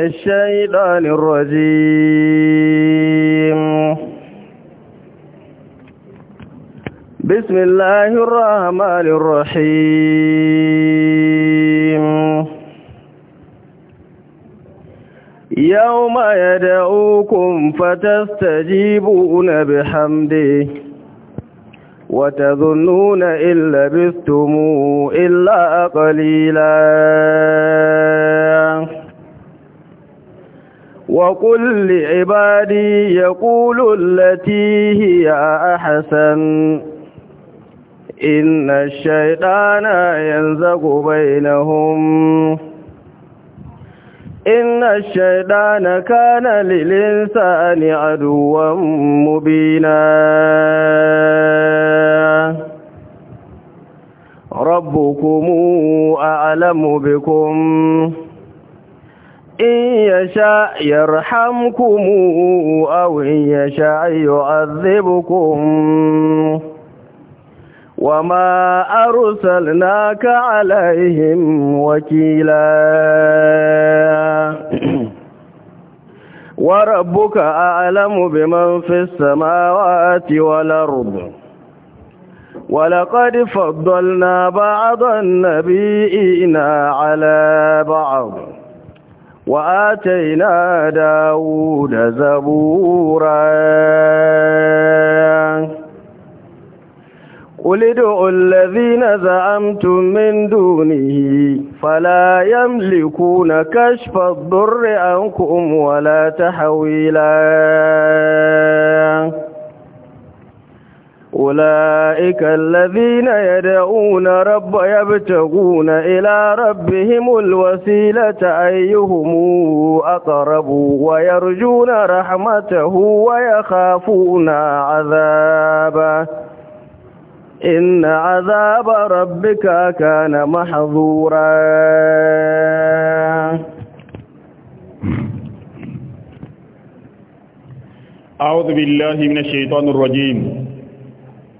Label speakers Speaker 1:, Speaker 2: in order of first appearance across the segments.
Speaker 1: الشيطان الرجيم بسم الله الرحمن الرحيم يوم يدعوكم فتستجيبون بحمده وتظنون إن لبثتموا إلا قليلاً وقل لعبادي يقولوا التي هي أحسن إن الشيطان ينزغ بينهم إن الشيطان كان للإنسان عدوا مبينا ربكم أعلم بكم إن يشاء يرحمكم أو إن يشاء يعذبكم وما أرسلناك عليهم وكيلا وربك أعلم بمن في السماوات والأرض ولقد فضلنا بعض النبيين على بعض وآتينا داود زبورا قل ادعوا الذين زعمتم من دونه فلا يملكون كشف الضر عنكم ولا تحويلا أولئك الذين يدعون رب يبتغون إلى ربهم الوسيلة أيهم أقرب ويرجون رحمته ويخافون عذابه إن عذاب ربك كان محظورا
Speaker 2: أعوذ بالله من الشيطان الرجيم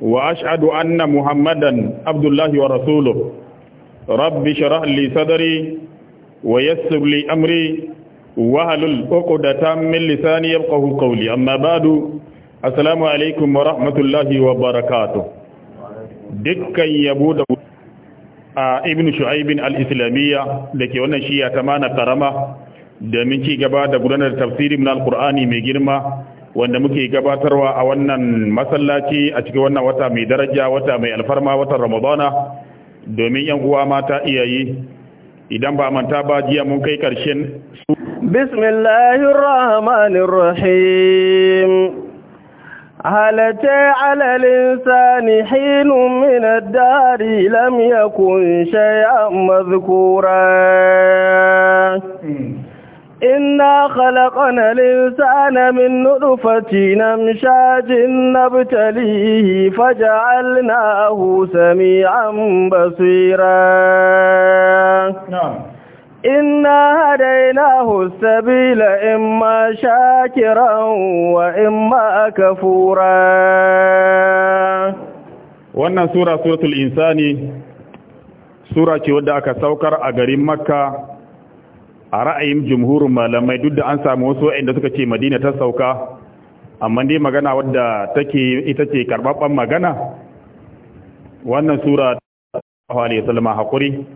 Speaker 2: وأشهد أن محمدا عبد الله ورسوله رب شرح لي صدري ويسر لي أمري وهلل عقدة من لساني يفقه قولي أما بعد السلام عليكم ورحمة الله وبركاته دكا يبود ابن شعيب الإسلامية لكي ونشي يتمانا كرمه domin ci gaba da gudanar tafsiri na alkur'ani mai girma wanda muke gabatarwa a wannan masallaci a cikin wannan wata mai daraja wata mai alfarma watan ramadana domin yan uwa mata iyayi idan ba manta ba jiya mun kai karshen su
Speaker 1: bismillahir rahmanir rahim halata ala insani hinun min ad-dari lam yakun shay'an madhkura hmm. إنا خلقنا الإنسان من نطفة نمشاج نبتليه فجعلناه سميعا بصيرا نعم إنا هديناه السبيل إما شاكرا وإما كفورا
Speaker 2: wannan sura suratul insani sura ce wadda aka saukar a garin makka a ra'ayin jumhurin malamai duk da an samu wasu waɗanda suka ce madina ta sauka amma dai magana wadda take ita ce karɓaɓɓen magana wannan sura ta hawali salama hakuri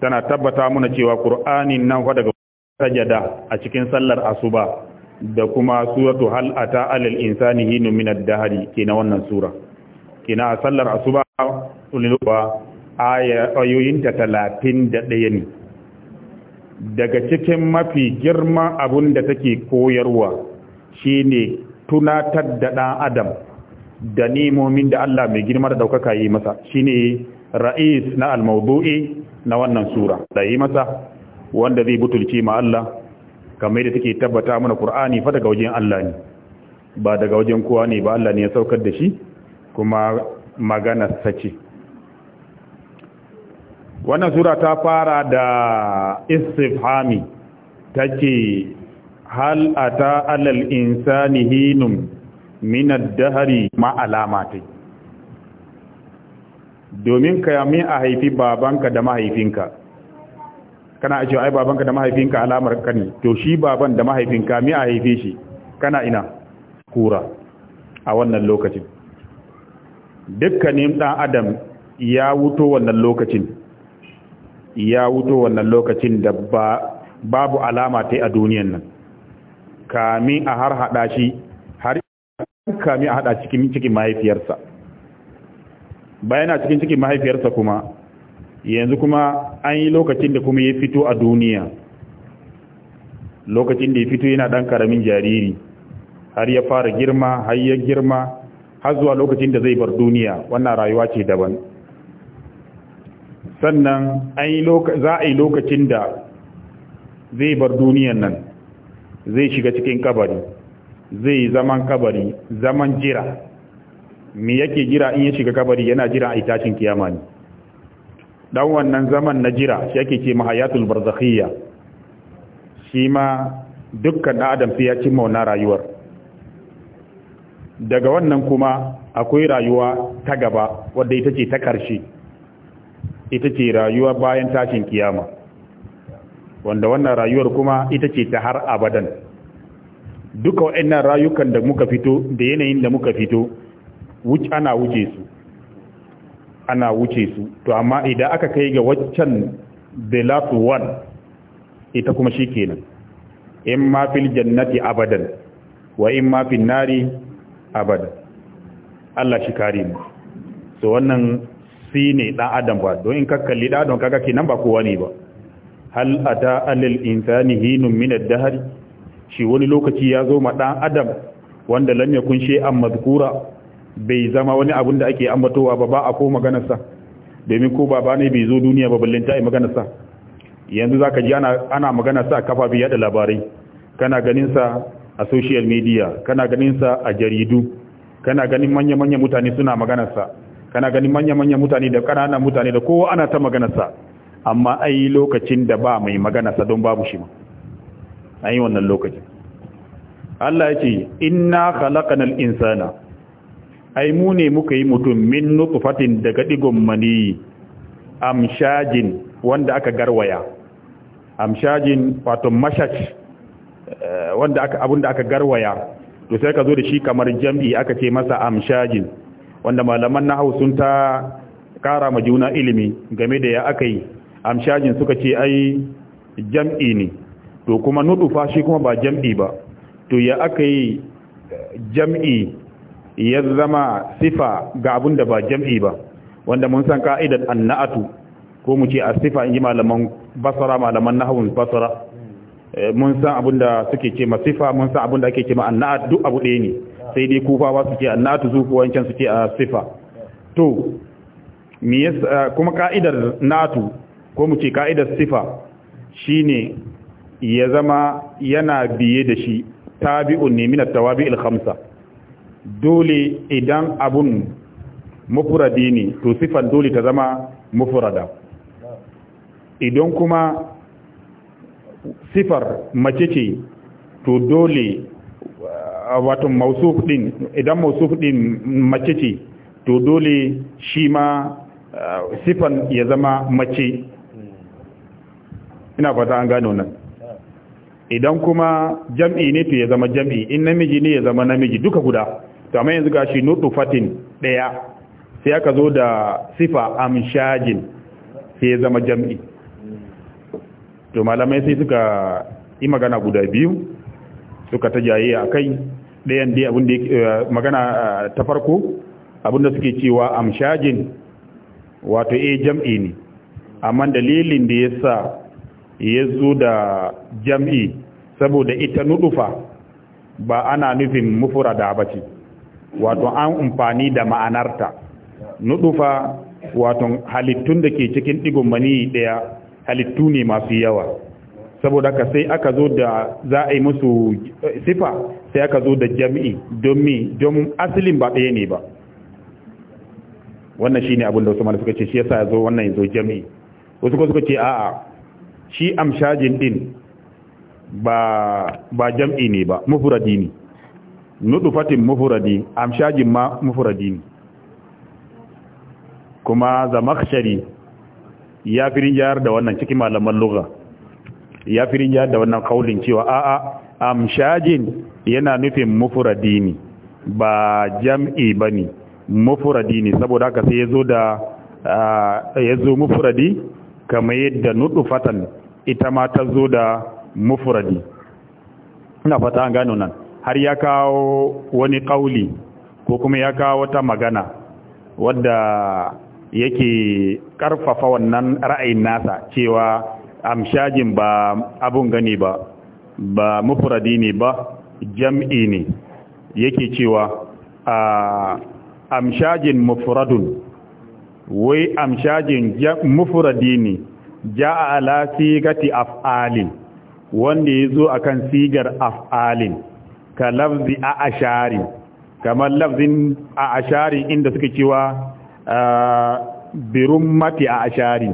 Speaker 2: tana tabbata muna cewa kur'ani nan fa daga sajada a cikin sallar asuba da kuma suratu hal ata alal insani hinu min ad-dahri kina wannan sura kina sallar asuba aya ayoyin ta 31 ne daga cikin mafi girma abun da take koyarwa shine tunatar da ɗan adam da nemomin da Allah mai girma da ɗaukaka yi masa shine ra'is na almaudu'i na wannan sura da yi masa wanda zai butulci ma Allah kamar da take tabbata mana Qur'ani fa daga wajen Allah ne ba daga wajen kowa ne ba Allah ne ya saukar da shi kuma magana sace wannan sura ta fara da istifhami ce hal ata alal insani hinum min ad-dahri ma alamati domin kayamin a haifi babanka da mahaifinka kana a cewa ai babanka da mahaifinka alamar ka ne to shi baban da mahaifinka mi a haife shi kana ina kura a wannan lokacin dukkanin dan adam ya wuto wannan lokacin ya wuto wannan lokacin da ba babu alama ta a duniyan nan kami a har hada shi har kami a hada cikin cikin mahaifiyarsa bayana cikin cikin mahaifiyarsa kuma yanzu kuma an yi lokacin da kuma ya fito a duniya lokacin da ya fito yana dan karamin jariri har ya fara girma har ya girma har zuwa lokacin da zai bar duniya wannan rayuwa ce daban sannan za a yi lokacin da zai bar duniyan nan zai shiga cikin kabari zai zaman kabari zaman jira me yake jira in ya shiga kabari yana jira a itashin kiyama ne dan wannan zaman na jira shi yake ce mahayatul barzakhiyya shi ma dukkan adam sai ya cimma na rayuwar daga wannan kuma akwai rayuwa ta gaba wadda ita ce ta karshe ita ce rayuwa bayan tashin kiyama wanda wannan rayuwar kuma ita ce ta har abadan duka waannan rayukan da muka fito da yanayin da muka fito ana wuce su ana wuce su to amma idan aka kai ga waccan the last one ita kuma shi kenan in ma jannati abadan wa in ma nari abadan Allah shi kare mu wannan shi ne ɗan adam ba don in kakkalli ɗan adam kaga kenan ba kowa ne ba hal ta alil insani hinun min da shi wani lokaci ya zo ma ɗan adam wanda lam kunshe an mazkura bai zama wani abun da ake ambatowa ba ba a ko maganarsa domin ko baba ne bai zo duniya ba ta yi maganarsa yanzu zaka ji ana ana maganarsa a kafa kafafi da labarai kana ganin a social media kana ganin a jaridu kana ganin manya-manya mutane suna maganarsa kana ganin manya manya mutane da ƙananan mutane da kowa ana ta maganarsa amma ai lokacin da ba mai maganarsa don babu shi ma an yi wannan lokacin Allah ya ce inna khalaqanal insana ai mu ne muka yi mutum min nutfatin daga digon mani amshajin wanda aka garwaya amshajin wato mashaj eh, wanda aka abinda aka garwaya to sai ka zo da shi kamar jam'i aka ce masa amshajin wanda malaman hau sun ta kara ma juna ilimi game da ya aka yi amshajin suka ce ai jam'i ne to kuma nudufa shi kuma ba jam'i ba to ya aka yi jam'i ya zama sifa ga abin da ba jam'i ba wanda mun san ka'idar anna'atu ko mu ce a sifa in yi malaman basara malaman nahawun basara eh, mun san abin da suke ce ma sifa mun san abin da ake ce ma anna'at duk abu ɗaya ne sai dai kufawa su a natu zufu wancan su ce a sifa to kuma ka'idar natu ko mu ce ka'idar sifa shine ya zama yana biye da shi tabi'un ne min at-tawabi'il dole idan abun mufradi ne to sifan dole ta zama mufrada idan kuma sifar mace ce to dole wato mausuf din idan mausuf din mace ce to dole shi ma uh, sifan ya zama mace ina fata an gano nan idan kuma jam'i ne to ya zama jam'i in namiji ne ya zama namiji duka guda to amma yanzu gashi fatin daya sai aka zo da sifa amshajin sai ya zama jam'i to malamai sai suka yi magana guda biyu suka ta jaye a kai ɗayan dai abin da eh, magana eh, ta farko abin da suke cewa amshajin wato a eh, jam'i ne amma dalilin da ya sa ya zo da jam'i saboda ita nudufa ba ana nufin mufurada ba ce wato an amfani da ma'anarta nudufa wato halittun da ke cikin digon mani ɗaya halittu ne masu yawa saboda ka sai aka zo da za a yi musu sifa sai aka zo da jam'i don mi don asalin ba ɗaya ne ba wannan shi ne abin da wasu mana suka ce shi yasa zo wannan zo jam'i wasu ko suka ce a'a shi amshajin din ba ba jam'i ne ba mufradi ne fatin mufradi amshajin ma mufuradi. ne kuma zamakhshari ya firin jayar da wannan cikin malaman lugha ya firin jayar da wannan kaulin cewa a'a amshajin yana nufin mufuradi ne ba jam'i ba ne mufuradi ne saboda aka sai ya zo da ya zo mufuradi kama yadda nudu fatan ita ma ta zo da mufuradi Na fata an gano nan har ya kawo wani kauli ko kuma ya kawo wata magana wadda yake karfafa wannan ra'ayin nasa cewa amshajin ba abun gani ba ba mufradi ne ba jam'i ne yake cewa a amshajin mufradun wai amshajin mufradi ne ja'a ala sigati af'alin wanda ya zo akan sigar af'alin ka lafzi a ashari kamar lafzin a ashari inda suka cewa birummati a ashari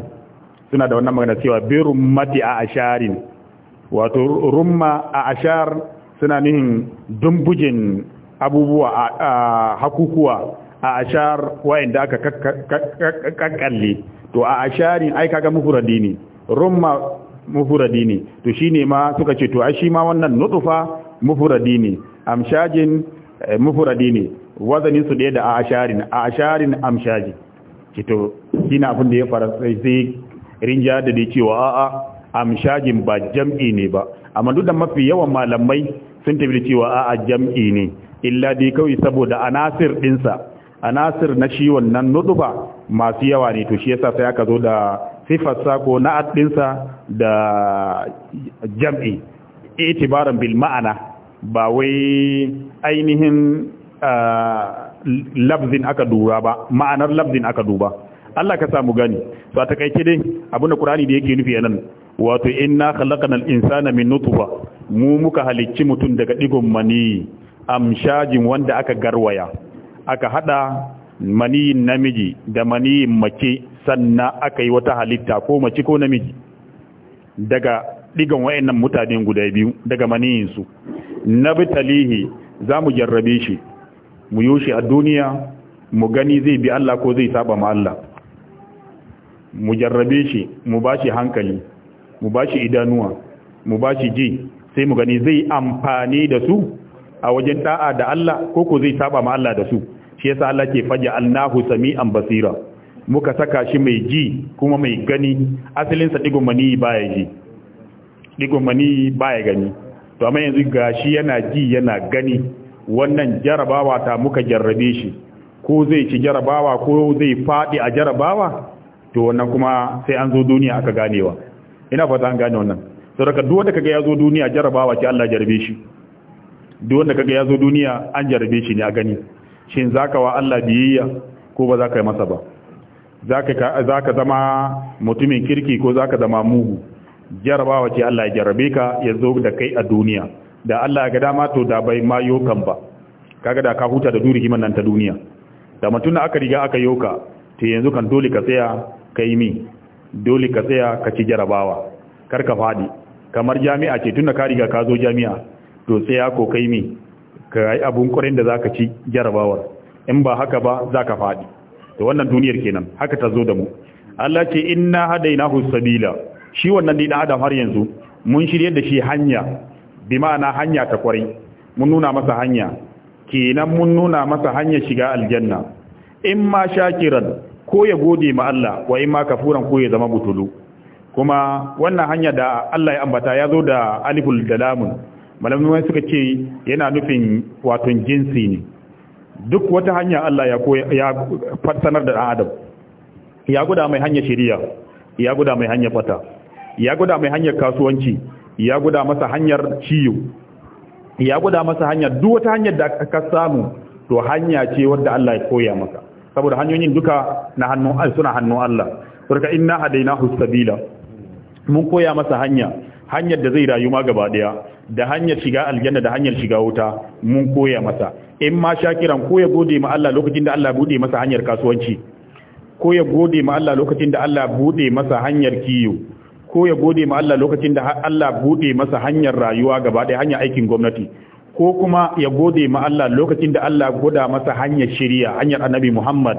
Speaker 2: suna da wannan magana cewa birummati a asharin wato rumma a ashar suna nihin dumbujin abubuwa a hakukuwa a ashar wayanda aka kakkalle to a asharin ai kaga mufuradi ne rumma mufuradi ne to shine ma suka ce to ai shi ma wannan nutfa mufuradi ne amshajin eh, mufuradi ne wazanin su da a asharin a asharin amshaji to shine abin da ya fara sai rinja da dai cewa a'a amshajin ba jam'i ne ba amma duk da mafi yawan malamai sun tafi da cewa a'a jam'i ne illa dai kawai saboda anasir dinsa anasir na shi wannan nuduba masu yawa ne to shi yasa sai aka zo da sifar sako na addinsa da jam'i itibaran bil ma'ana ba wai ainihin labzin aka dura ba ma'anar labzin aka duba Allah ka samu gani so a takaice dai abinda Qur'ani da yake nufi anan wato inna khalaqnal insana min nutfa mu muka halicci mutum daga digon mani amshajin wanda aka garwaya aka hada mani namiji da mani mace sannan aka yi wata halitta ko mace ko namiji daga digon wayannan mutane guda biyu daga maniyin su nabtalihi zamu jarrabe shi mu yoshi a duniya mu gani zai bi Allah ko zai saba ma Allah mu jarrabe shi mu bashi hankali mu ba shi idanuwa mu ba shi ji sai mu gani zai amfani da su a wajen da'a da Allah ko ko zai saba ma Allah da su shi yasa Allah ke faja alnahu sami'an basira muka saka shi mai ji kuma mai gani asalin sa digon mani baya ji digon mani baya gani to amma yanzu shi yana ji yana gani wannan jarabawa ta muka jarrabe shi ko zai ci jarabawa ko zai fadi a jarabawa to wannan kuma sai an zo duniya aka ganewa ina fata an gane wannan sau daga duk wanda kaga ya zo duniya jarabawa ce Allah jarabe shi duk wanda kaga ya zo duniya an jarabe shi ne a gani shin zaka wa Allah biyayya ko ba zaka yi masa ba zaka zama mutumin kirki ko zaka zama mugu jarabawa ce Allah ya jarabe ka ya zo da kai a duniya da Allah ya ga dama to da bai ma yokan ba kaga da ka huta da duri himan nan ta duniya da mutum aka riga aka yoka to yanzu kan dole ka tsaya kai mi dole ka tsaya ka ci jarabawa kar ka faɗi kamar jami'a ce tun da ka riga ka zo jami'a to tsaya ko kai mi ka yi abun kurin da za ka ci jarabawar in ba haka ba za ka faɗi to wannan duniyar kenan haka ta zo da mu Allah ce inna hadainahu sabila shi wannan dai dan adam har yanzu mun shirye da shi hanya bi ma'ana hanya ta kwarai mun nuna masa hanya kenan mun nuna masa hanya shiga aljanna in ma shakiran ko ya gode ma Allah wa in ma kafuran ko ya zama butulu kuma wannan hanya da Allah ya ambata ya zo da aliful dalamun malamin malamai suka ce yana nufin wato jinsi ne duk wata hanya Allah ya ya fassanar da dan adam ya guda mai hanya shari'a ya guda mai hanya fata ya guda mai hanyar kasuwanci ya guda masa hanyar ciyo ya guda masa hanyar duk wata hanyar da ka samu to hanya ce wadda Allah ya koya maka saboda hanyoyin duka na hannu suna hannun Allah saboda inna hadainahu sabila mun koya masa hanya hanyar da zai rayu ma gaba daya da hanyar shiga aljanna da hanyar shiga wuta mun koya masa in ma shakiran ko ya gode ma Allah lokacin da Allah bude masa hanyar kasuwanci ko ya gode ma Allah lokacin da Allah bude masa hanyar kiyo ko ya gode ma Allah lokacin da Allah bude masa hanyar rayuwa gaba daya hanyar aikin gwamnati ko kuma ya gode ma Allah lokacin da Allah goda masa hanyar shiriya hanyar annabi Muhammad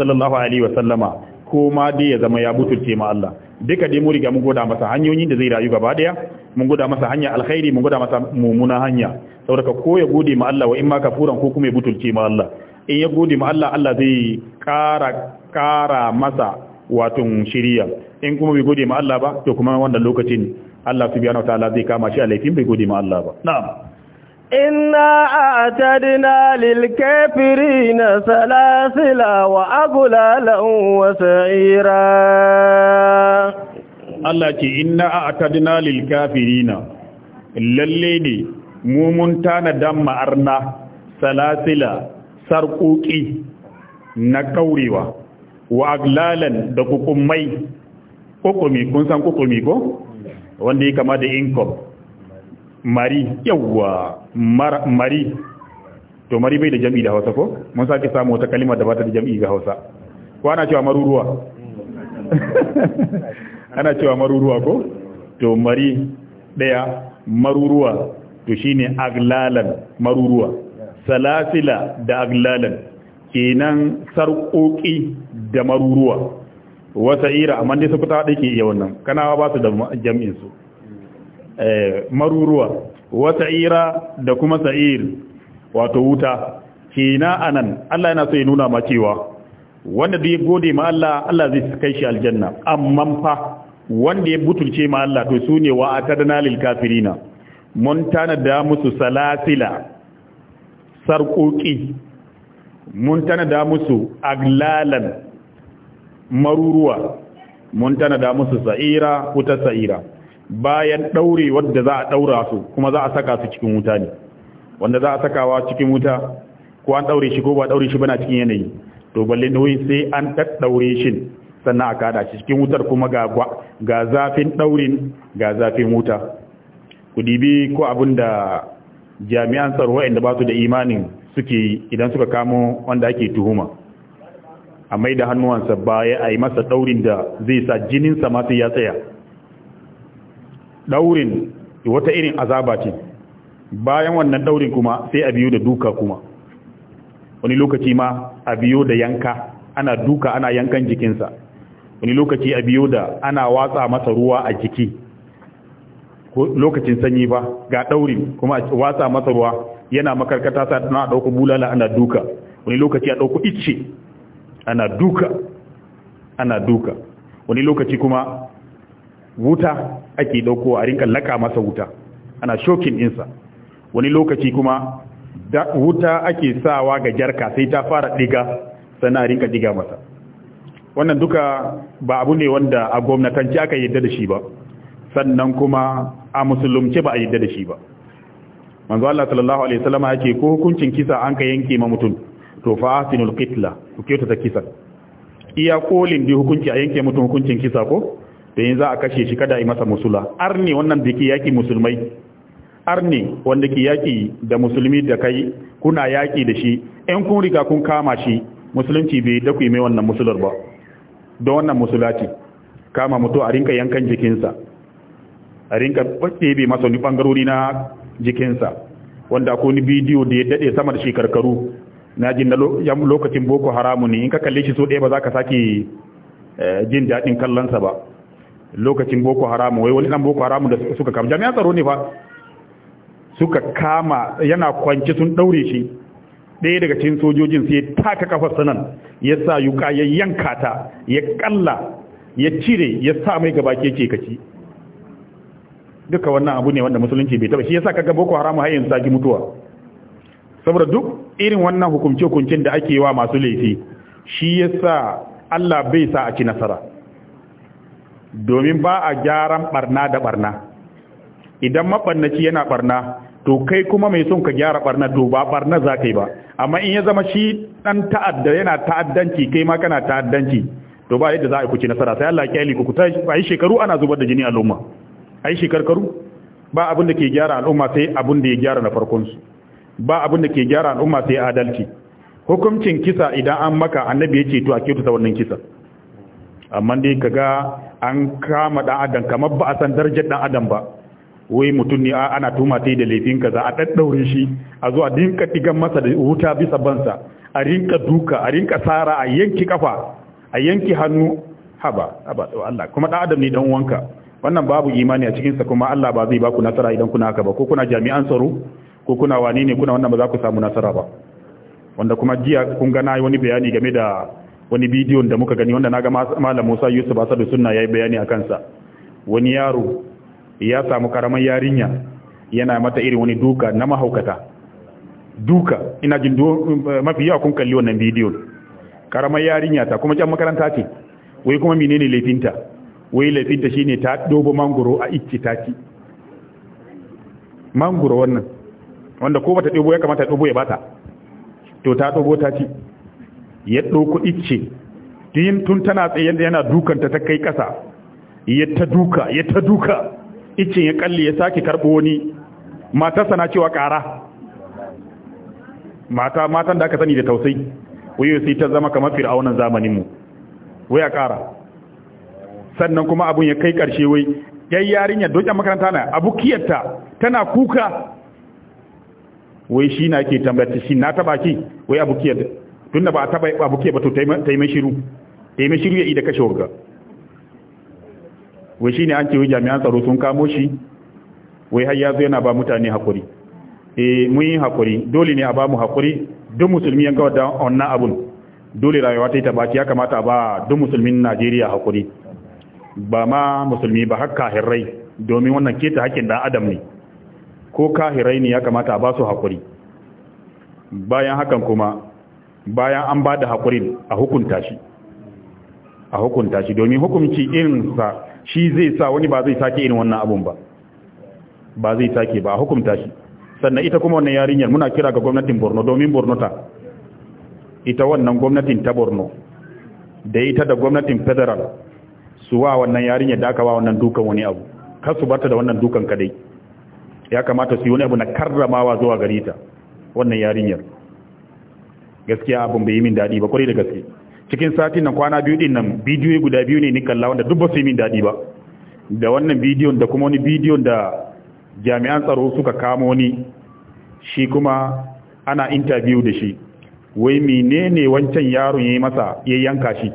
Speaker 2: sallallahu alaihi wa sallama ko ma dai ya zama ya butulce ma Allah duka dai mu riga mun goda masa hanyoyin da zai rayu gaba daya mun goda masa hanya alkhairi mun goda masa mumuna hanya saboda ko ya gode ma Allah wa in ma kafuran ko kuma ya butulce ma Allah in ya gode ma Allah Allah zai kara kara masa watun shiriya in kuma bai gode ma Allah ba to kuma wannan lokacin Allah subhanahu Taala zai kama shi a laifin bai gode ma Allah ba na'am
Speaker 1: إنا أعتدنا للكافرين سلاسلا وأغلالا وسعيرا
Speaker 2: Allah ce inna a atadina lil kafirina lalle ne mu mun dan ma'arna salasila sarƙoƙi na kaurewa wa aglalan da kukumai kukumi kun san kukumi ko wanda ya kama da inkom mari yawwa mari to mari bai da jam'i da hausa ko mun sake samu wata kalmar da ba ta da jam'i ga hausa ko ana cewa maruruwa ana cewa maruruwa ko to mari daya maruruwa to shine aglalan maruruwa salasila da aglalan kenan sarƙoƙi da maruruwa wata ira amma dai su kuta da ke iya wannan kanawa ba su da su. Eh, maruruwa wata ira da kuma sa'ir wato wuta kina anan Allah yana so ya nuna ma cewa wanda duk ya gode ma Allah Allah zai kai shi aljanna amma fa wanda ya butulce ma Allah to sune wa atadna lil kafirina mun tanada musu salasila sarƙoƙi mun da musu aglalan maruruwa mun tanada musu sa'ira wuta sa'ira bayan daure wadda za a daura su kuma za a saka su cikin wuta ne wanda za a sakawa cikin wuta ko an daure shi ko ba ɗaure shi bana cikin yanayi to balle nauyin sai an daddaure shi sannan a kada shi cikin wutar kuma ga ga zafin daurin ga zafin wuta ku dibi ko abin da jami'an tsaro inda ba su da imanin suke idan suka kamo wanda ake tuhuma a mai da hannuwansa baya a yi masa ɗaurin da zai sa jininsa sai ya tsaya daurin wata irin azaba ce bayan wannan daurin kuma sai a biyo da duka kuma wani lokaci ma a biyo da yanka ana duka ana yankan jikinsa wani lokaci a biyo da ana watsa masa ruwa a jiki lokacin sanyi ba ga daurin kuma a watsa masa ruwa yana makarkata sa na dauko bulala ana duka wani lokaci a dauko icce ana duka ana duka wani lokaci kuma wuta ake dauko a rinka laka masa wuta ana shokin insa wani lokaci kuma wuta ake sawa ga jarka sai ta fara diga sana a rinka diga masa wannan duka ba abu ne wanda a gwamnatanci aka yadda da shi ba sannan kuma a musulunci ba a yadda da shi ba manzo Allah sallallahu alaihi wasallam yake ko hukuncin kisa an ka yanke ma mutum to fa asinul qitla ku kiyota ta kisa iya kolin bi hukunci a yanke mutum hukuncin kisa ko da yin za a kashe shi kada a yi masa musula arni wannan da ke yaƙi musulmai arni wanda ke yaƙi da musulmi da kai kuna yaƙi da shi in kun riga kun kama shi musulunci bai da ku yi mai wannan musular ba don wannan musula ce kama mutu a rinka yankan jikinsa a rinka bai masa wani ɓangarori na jikinsa wanda ko ni bidiyo da ya daɗe sama da shi karkaru na jin na lokacin boko haramu ne in ka kalle shi so ɗaya ba za ka sake eh, jin daɗin kallonsa ba lokacin boko haramu wai wani dan boko haramu da suka kama jami'an tsaro ne fa suka kama yana kwance sun daure shi ɗaya daga cikin sojojin sai ya taka kafar sanan ya sa yuka ya yanka ta ya kalla ya cire ya sa mai gaba ke ce kaci duka wannan abu ne wanda musulunci bai taba shi yasa kaga boko haramu har yanzu saki mutuwa saboda duk irin wannan hukunce hukuncin da ake wa masu laifi shi yasa Allah bai sa a ci nasara domin ba a gyaran barna da barna idan mabannaci yana barna to kai kuma mai son ka gyara barna to ba barna za ka yi ba amma in ya zama shi ɗan ta'adda yana ta'addanci kai ma kana ta'addanci to ba yadda za a yi kuci nasara sai Allah ya kyale ku ku ta yi shekaru ana zubar da jini al'umma ai shekarkaru ba abin da ke gyara al'umma sai abin da ya gyara na farkon su ba abin da ke gyara al'umma sai adalci hukuncin kisa idan an maka annabi ya ce to a kyautata wannan kisa amma dai kaga an kama dan adam kamar ba a san darajar dan adam ba wai mutum ne ana tuma ta da laifin kaza a daddaure shi a zo a dinka digan masa da wuta bisa bansa a rinka duka a rinka sara a yanki kafa a yanki hannu haba haba Allah kuma dan adam ne dan wanka wannan babu imani a cikin sa kuma Allah ba zai ba nasara idan kuna haka ba ko kuna jami'an tsaro ko kuna wani ne kuna wannan ba za ku samu nasara ba wanda kuma jiya kun ga nayi wani bayani game da wani bidiyon da muka gani wanda na ga malam Musa Yusuf Asadu Sunna yayi bayani akan sa wani yaro ya samu karaman yarinya yana mata irin wani duka na mahaukata duka ina jin mafi yawa kun kalli wannan bidiyon karamar yarinya ta kuma can makaranta ce wai kuma menene laifinta wai laifinta shine ta dobo mangoro a icce ta ci mangoro wannan wanda ko bata dobo ya kamata dobo ya bata to ta dobo ta ci ya ɗauko icce tun tun tana tsaye yana dukanta ta kai ƙasa ya ta duka ya ta duka iccen ya kalli ya sake karɓo wani matarsa na cewa ƙara mata matan da aka sani da tausayi wayo sai ta zama kamar fir'aunan zamaninmu waya ƙara sannan kuma abun ya kai ƙarshe wai yayin yarinyar dokin makaranta na abukiyarta tana kuka wai shi na ke tambayar shi na taɓa ki wai abukiyarta tunda ba a taba ba ba to taimai shiru taimai shiru ya ida kashe wurga wai shine an ce wai jami'an tsaro sun kamo shi wai har yazo yana ba mutane hakuri E eh, mun yi hakuri dole ne a ba mu hakuri duk musulmi yanka wadda wannan abun dole rayuwa ta yi tabaci ya kamata ba duk musulmin Najeriya hakuri ba ma musulmi ba har kahirrai domin wannan keta hakkin dan adam ne ko kahirai ne ya kamata a ba su hakuri bayan hakan kuma bayan an ba da haƙurin a hukunta shi a hukunta shi domin hukunci irinsa shi zai sa wani ba zai sake irin wannan abun ba ba zai sake ba a hukunta shi sannan ita kuma wannan yarinyar muna kira ga gwamnatin borno domin borno ta ita wannan gwamnatin ta borno da ita da gwamnatin federal su wa wannan yarinyar da aka wa wannan dukan wani abu kar su barta da wannan dukan kadai ya kamata su yi wani abu na karramawa zuwa gare ta wannan yarinyar gaskiya abin bai yi min daɗi ba kwarai da gaske cikin satin nan kwana biyu din nan bidiyo guda biyu ne ni kalla wanda duk ba su yi min daɗi ba da wannan bidiyon da kuma wani bidiyon da jami'an tsaro suka kamo ni shi kuma ana interview da shi wai menene wancan yaron yayi masa ya yanka shi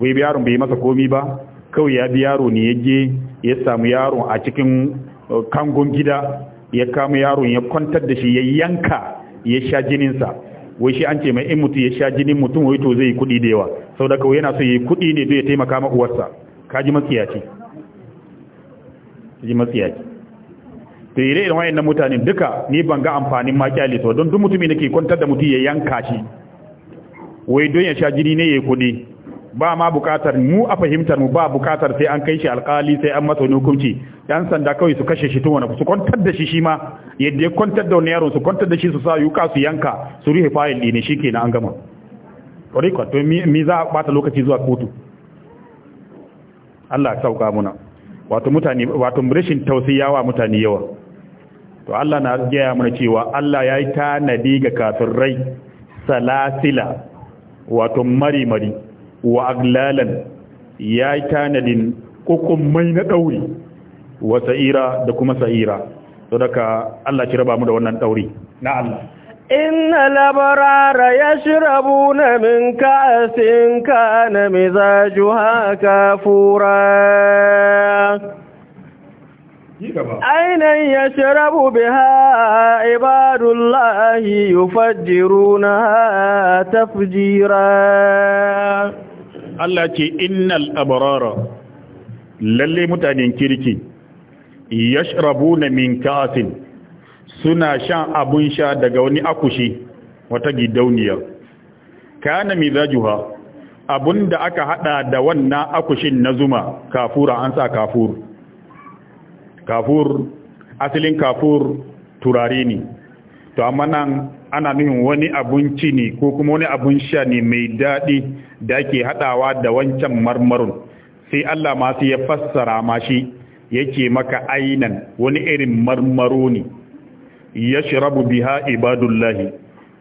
Speaker 2: wai yaron bai masa komi ba kawai ya bi yaro ne yaje ya samu yaron a cikin uh, kangon gida ya kama yaron ya kwantar da shi ya yanka ya sha jininsa wai shi an ce mai in mutu ya sha jinin mutum wai to zai yi kuɗi da yawa sau da kawai yana so ya yi kuɗi ne zai ya taimaka ma uwarsa ka ji matsiyaci ji matsiyaci to ire irin na mutane duka ni ban ga amfanin ma kyale don duk mutumi nake kwantar da mutum ya yanka shi wai don ya sha jini ne ya yi kuɗi ba ma bukatar mu a fahimtar mu ba bukatar sai an kai shi alkali sai an masa hukunci yan sanda kawai su kashe shi tun wani su kwantar da shi shi ma yadda ya kwantar da wani yaron su kwantar da shi su sa yuka su yanka su rufe fayil ne shi kenan an gama ƙwarikwa to mi za a bata lokaci zuwa kotu Allah ya sauka muna wato mutane wato rashin tausiyawa mutane yawa to Allah na gaya mana cewa Allah ya yi tanadi ga kafirai salasila wato mari-mari wa aglalan ya yi tanadin mai na ɗauri wa sa'ira da kuma sa'ira to daga Allah ki raba mu da wannan ɗauri na Allah
Speaker 1: inna labarara ya shirabu na min ka'asin ka na mizaju haka fura عينا يشرب بها عباد الله يفجرونها
Speaker 2: Allah ce innal abrara lalle mutanen kirki yashrabuna min ka'atin suna shan abun sha daga wani akushi wata gidauniya kana mizajuha abunda aka hada da wannan akushin na zuma kafura an sa kafur kafur asalin kafur turare ne to amma nan ana nuhin wani abinci ne ko kuma wani abun sha ne mai daɗi da ke haɗawa da wancan marmarun sai Allah masu ya fassara ma shi yake maka ainan wani irin marmaro ne ya shirabu biha ibadullahi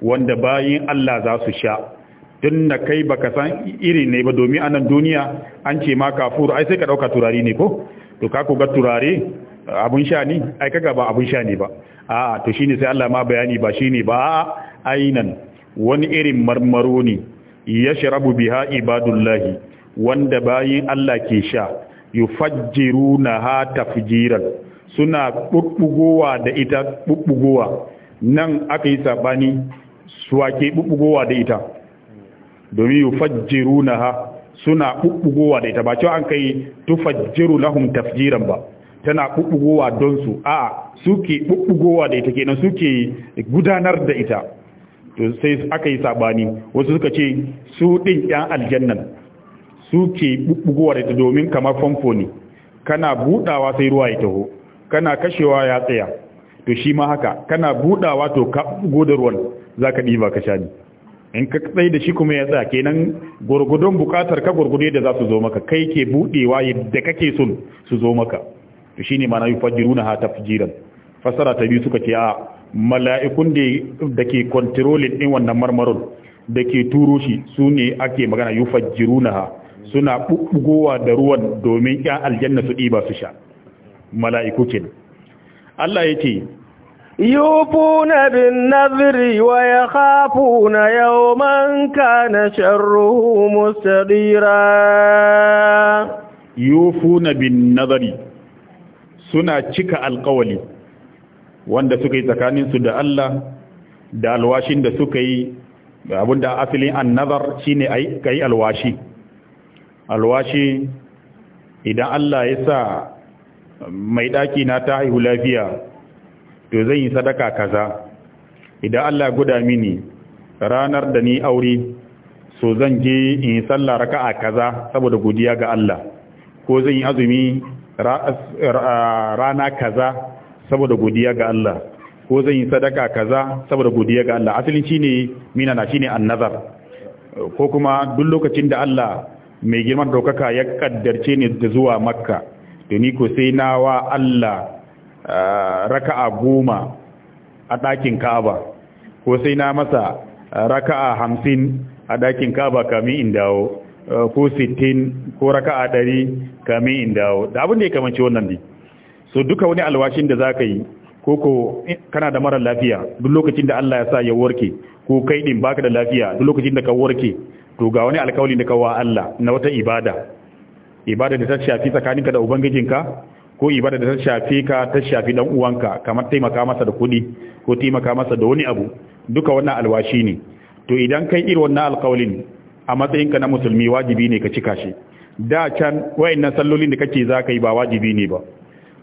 Speaker 2: wanda bayin Allah za su sha tun na kai baka san iri ne ba domin anan duniya an ce ma kafuru ai sai ka ɗauka turare ne ko to ka ga turare abun sha ne ai kaga ba abun sha ne ba a'a to shine sai Allah ma bayani ba shine ba ainan wani irin marmaro ne yashrabu biha ibadullahi wanda bayin Allah ke sha yufajjiruna ha tafjiran suna bubbugowa da ita bubbugowa nan aka yi sabani suwake bubbugowa da ita domin yufajjiruna ha suna bubbugowa da ita ba cewa an kai tufajjiru lahum tafjiran ba tana bubbugowa don su a suke bubbugowa da ita kenan suke gudanar da ita to sai aka yi sabani wasu suka ce su ɗin yan aljannan su ke bubbugowa da domin kamar famfo ne kana budawa sai ruwa ya taho kana kashewa ya tsaya to shi ma haka kana buɗawa, to ka goda ruwan zaka diba ka shani in ka tsaye da shi kuma ya tsaya kenan gurgudun bukatar ka gurgude da za su zo maka kai ke buɗewa yadda kake son su zo maka to shine ma'ana yufajjiruna ha tafjiran fasara ta biyu suka ce a mala'ikun da ke kontrolin ɗin wannan marmarun da ke turo shi su ne ake magana yi suna ɓuɓɓugowa da ruwan domin ya aljanna su ɗiba su sha mala'iku ce Allah ya ce
Speaker 1: يوفون بالنذر ويخافون يوما كان شره
Speaker 2: yufuna bin بالنذر suna cika alƙawali. wanda suka yi tsakaninsu da Allah da alwashin da suka yi abinda asalin annazar shine ka yi alwashi alwashi idan Allah ya sa mai ɗaki na ta haihu lafiya to zan yi sadaka kaza idan Allah guda mini ranar da ni aure so zan je in yi sallah raka'a kaza saboda godiya ga Allah ko zan yi azumi rana kaza saboda godiya ga Allah ko zan yi sadaka kaza saboda godiya ga Allah asalin shine mina na shine annazar ko kuma duk lokacin da Allah mai girman daukaka ya kaddarce ni da zuwa makka to ni ko sai nawa Allah raka'a goma a ɗakin Ka'aba ko sai na masa raka'a hamsin a ɗakin Ka'aba kamin in dawo ko sittin ko raka'a ɗari kamin in dawo da abin da ya kamanci wannan ne so duka wani alwashin da za ka yi ko ko kana da mara lafiya duk lokacin da Allah ya sa ya warke ko kai din baka da lafiya duk lokacin da ka warke to ga wani alkawali da ka wa Allah na wata ibada ibada da ta shafi tsakaninka da ubangijinka ko ibada da ta shafi ka ta shafi dan uwanka kamar taimaka masa da kuɗi ko taimaka masa da wani abu duka wannan alwashi ne to idan kai irin wannan alkawalin a matsayinka na musulmi wajibi ne ka cika shi da can wayannan sallolin da kake za ka yi ba wajibi ne ba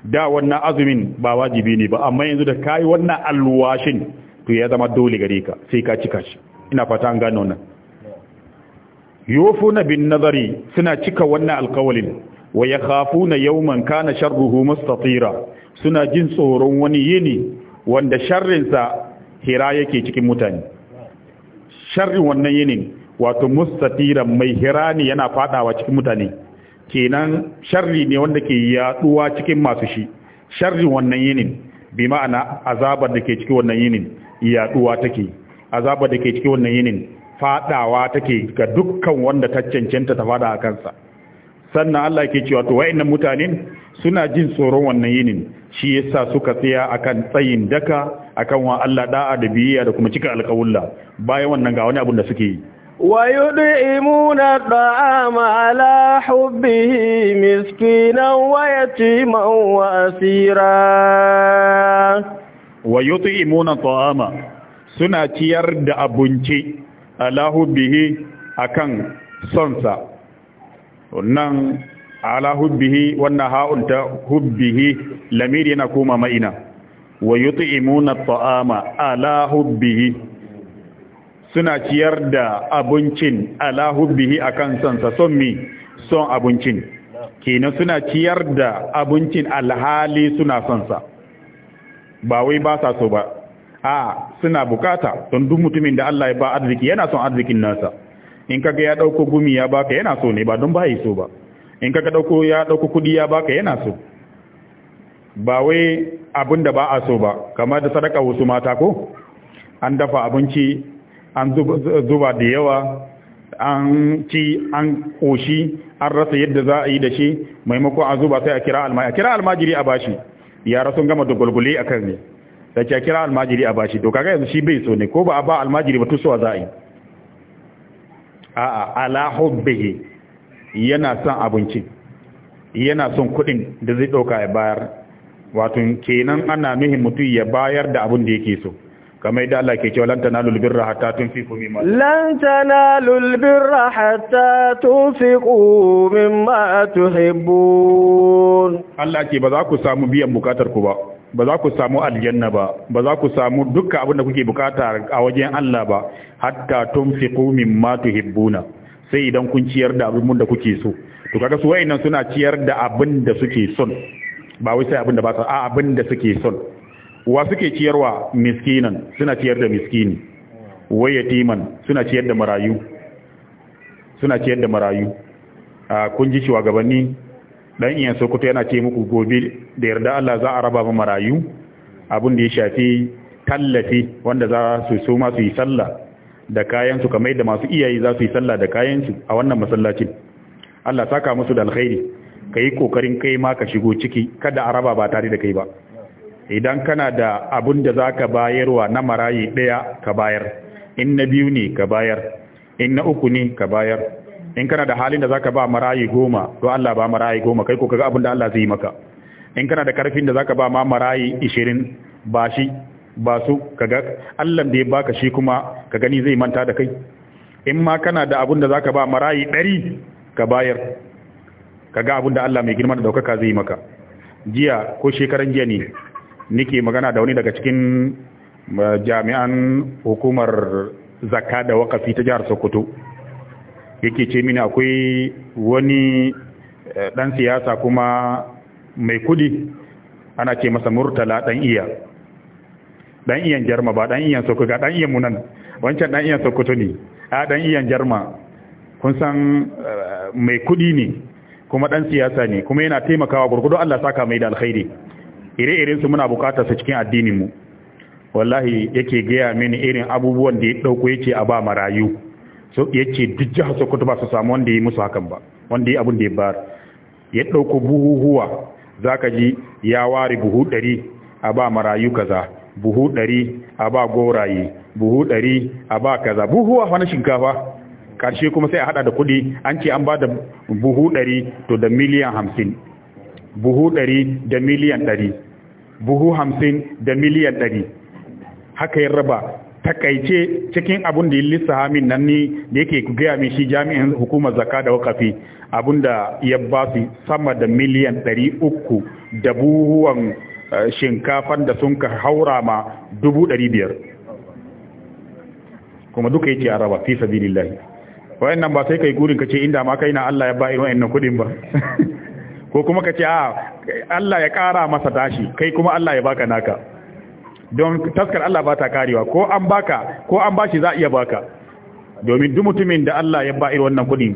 Speaker 2: da wannan azumin ba wajibi ne ba amma yanzu da kayi wannan alwashin to ya zama dole gare ka sai ka cika shi ina fata an gano nan yufuna bin nazari suna cika wannan alkawalin wa yakhafuna yawman kana sharruhu mustatira suna jin tsoron wani yini wanda sharrinsa hira yake cikin mutane sharrin wannan yinin wato mustatiran mai hira ne yana fadawa cikin mutane kenan sharri ne wanda ke yaduwa cikin masu shi sharri wannan yinin bi ma'ana azabar da ke cikin wannan yinin yaduwa take azabar da ke cikin wannan yinin fadawa take ga dukkan wanda ta cancanta ta fada a kansa sannan Allah yake cewa to wayannan mutanen suna jin tsoron wannan yinin shi yasa suka tsaya akan tsayin daka akan wa Allah da'a da biyayya da kuma cika alƙawulla bayan wannan ga wani abin da suke yi
Speaker 1: ويدعمون الطعام على حبه مسكينا ويتيما وأسيرا
Speaker 2: ويطعمون
Speaker 1: الطعام suna
Speaker 2: ciyar da abinci ala hubbihi akan sonsa wannan ala hubbihi wannan ha'un ta hubbihi lamiri yana koma ma'ina wa yut'imuna at'ama ala hubbihi suna ciyar da abincin ala hubbihi akan sansa son mi son abincin kenan suna ciyar da abincin alhali suna sansa ba wai ba sa so ba a suna bukata don duk mutumin da Allah ya ba arziki yana son arzikin nasa in kaga ya dauko gumi ya baka yana so ne ba don ba yi so ba in kaga dauko ya dauko kudi ya baka yana so ba wai abin da ba a so ba kamar da sadaka wasu mata ko an dafa abinci an zuba da yawa an ci an koshi an rasa yadda za a yi da shi maimakon a zuba sai a kira almajiri a kira almajiri a bashi yara sun gama da gulgule a kan ne da ke a kira almajiri a bashi to kaga yanzu shi bai so ne ko ba a ba almajiri ba tusowa za a yi a'a ala hubbihi yana son abinci yana son kuɗin da zai ɗauka ya bayar wato kenan ana nuhin mutum ya bayar da abin da yake so كما يدعى الله كي لن تنالوا البر حتى تنفقوا مما
Speaker 1: لن تنالوا البر حتى تنفقوا allah تحبون
Speaker 2: ba za ku samu biyan bukatar ku ba ba za ku samu aljanna ba ba za ku samu dukkan abin da kuke bukata a wajen Allah ba hatta tunfiqu mimma tuhibbuna sai idan kun ciyar da abin da kuke so to kaga su wayannan suna ciyar da abin da suke son ba wai sai abin da ba a abin da suke son wa suke ciyarwa miskinan suna ciyar da miskini wa yatiman suna ciyar da marayu suna ciyar da marayu a kun ji shugabanni dan iyan sokoto yana ce muku gobe da yarda Allah za a raba ma marayu abin da ya shafi tallafi wanda za su so ma su yi sallah da kayan su kamar da masu iyaye za su yi sallah da kayan su a wannan masallacin Allah saka musu da alkhairi kai kokarin kai ma ka shigo ciki kada a raba ba tare da kai ba idan kana da abun da za ka bayarwa na marayi ɗaya ka bayar in na biyu ne ka bayar in na uku ne ka bayar in kana da halin da za ka ba marayi goma to Allah ba marayi goma kai ko kaga abun da Allah zai maka in kana da karfin da za ka ba ma marayi ishirin ba shi ba su kaga Allah da ya baka shi kuma ka gani zai manta da kai in ma kana da abun da za ka ba marayi ɗari ka bayar kaga abun da Allah mai girma da daukaka zai maka jiya ko shekaran jiya ne nike magana da wani daga cikin jami'an hukumar zakka da wakafi ta jihar sokoto yake ce mini akwai wani dan eh, siyasa kuma mai kudi ana ce masa murtala dan iya dan iyan jarma ba dan iyan sokoto ga dan iyan nan, wancan dan iyan sokoto ne a dan iyan jarma kun san eh, mai kudi ne kuma dan siyasa ne kuma yana taimakawa gurgudu Allah saka mai da alkhairi ire-iren su muna bukatar su cikin addinin mu wallahi yake gaya mini irin abubuwan da ya dauko yace a ba marayu so yace duk jihar Sokoto ba su samu wanda ya musu hakan ba wanda ya abun da ya bar ya dauko buhuhuwa zaka ji ya ware buhu 100 a ba marayu kaza buhu 100 a ba goraye buhu 100 a ba kaza buhuwa wani shinkafa karshe kuma sai a hada da kudi an ce an ba da buhu 100 to da miliyan 50 buhu 100 da miliyan 100 buhu hamsin da miliyan ɗari haka ya raba takaice cikin abin da ya lissa min nan ne da yake gaya min shi jami'in hukumar zaka da wakafi abun da ya ba su sama da miliyan ɗari uku da buhuwan eh, shinkafan da sun ka haura ma dubu ɗari biyar kuma duka yake a raba fi sabilillahi nan ba sai kai gurin ka ce inda ma kai na Allah ya ba irin wayannan kuɗin ba ko kuma ka ce a ah, Allah ya ƙara masa tashi kai kuma Allah ya baka naka don taskar Allah ba ta karewa ko an baka ko an bashi za a iya baka domin duk mutumin da Allah ya ba irin wannan kuɗi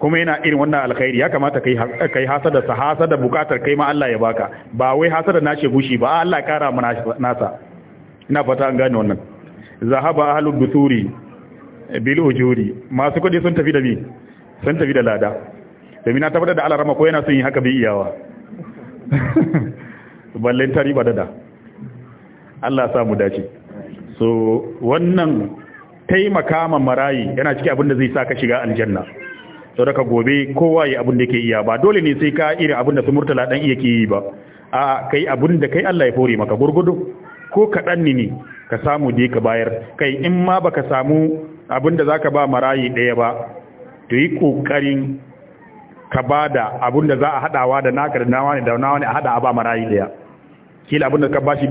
Speaker 2: kuma yana irin wannan alkhairi ya kamata kai kai hasada sa hasada bukatar kai ma Allah ya baka ba wai hasada nace gushi ba Allah ya ƙara mana nasa ina fata an gane wannan zahaba ahlul busuri, bil ujuri masu kuɗi sun tafi da mi sun tafi da lada da na tabbatar da alarama ko yana son yi haka bai iyawa ballin tari ba dada Allah sa mu dace so wannan taimaka ma marayi yana cikin abin da zai sa ka shiga aljanna sau daga gobe kowa yi abin da ke iya ba dole ne sai ka irin abin da su murtala dan iya ke yi ba a kai abin da kai Allah ya fore maka gurgudu ko kaɗan ne ka samu dai ka bayar kai in ma baka samu abin da zaka ba marayi ɗaya ba to yi ƙoƙarin ka ba da abin da za a haɗawa da naka da nawa ne da nawa ne a haɗa a ba marayi ɗaya kila abin da ka shi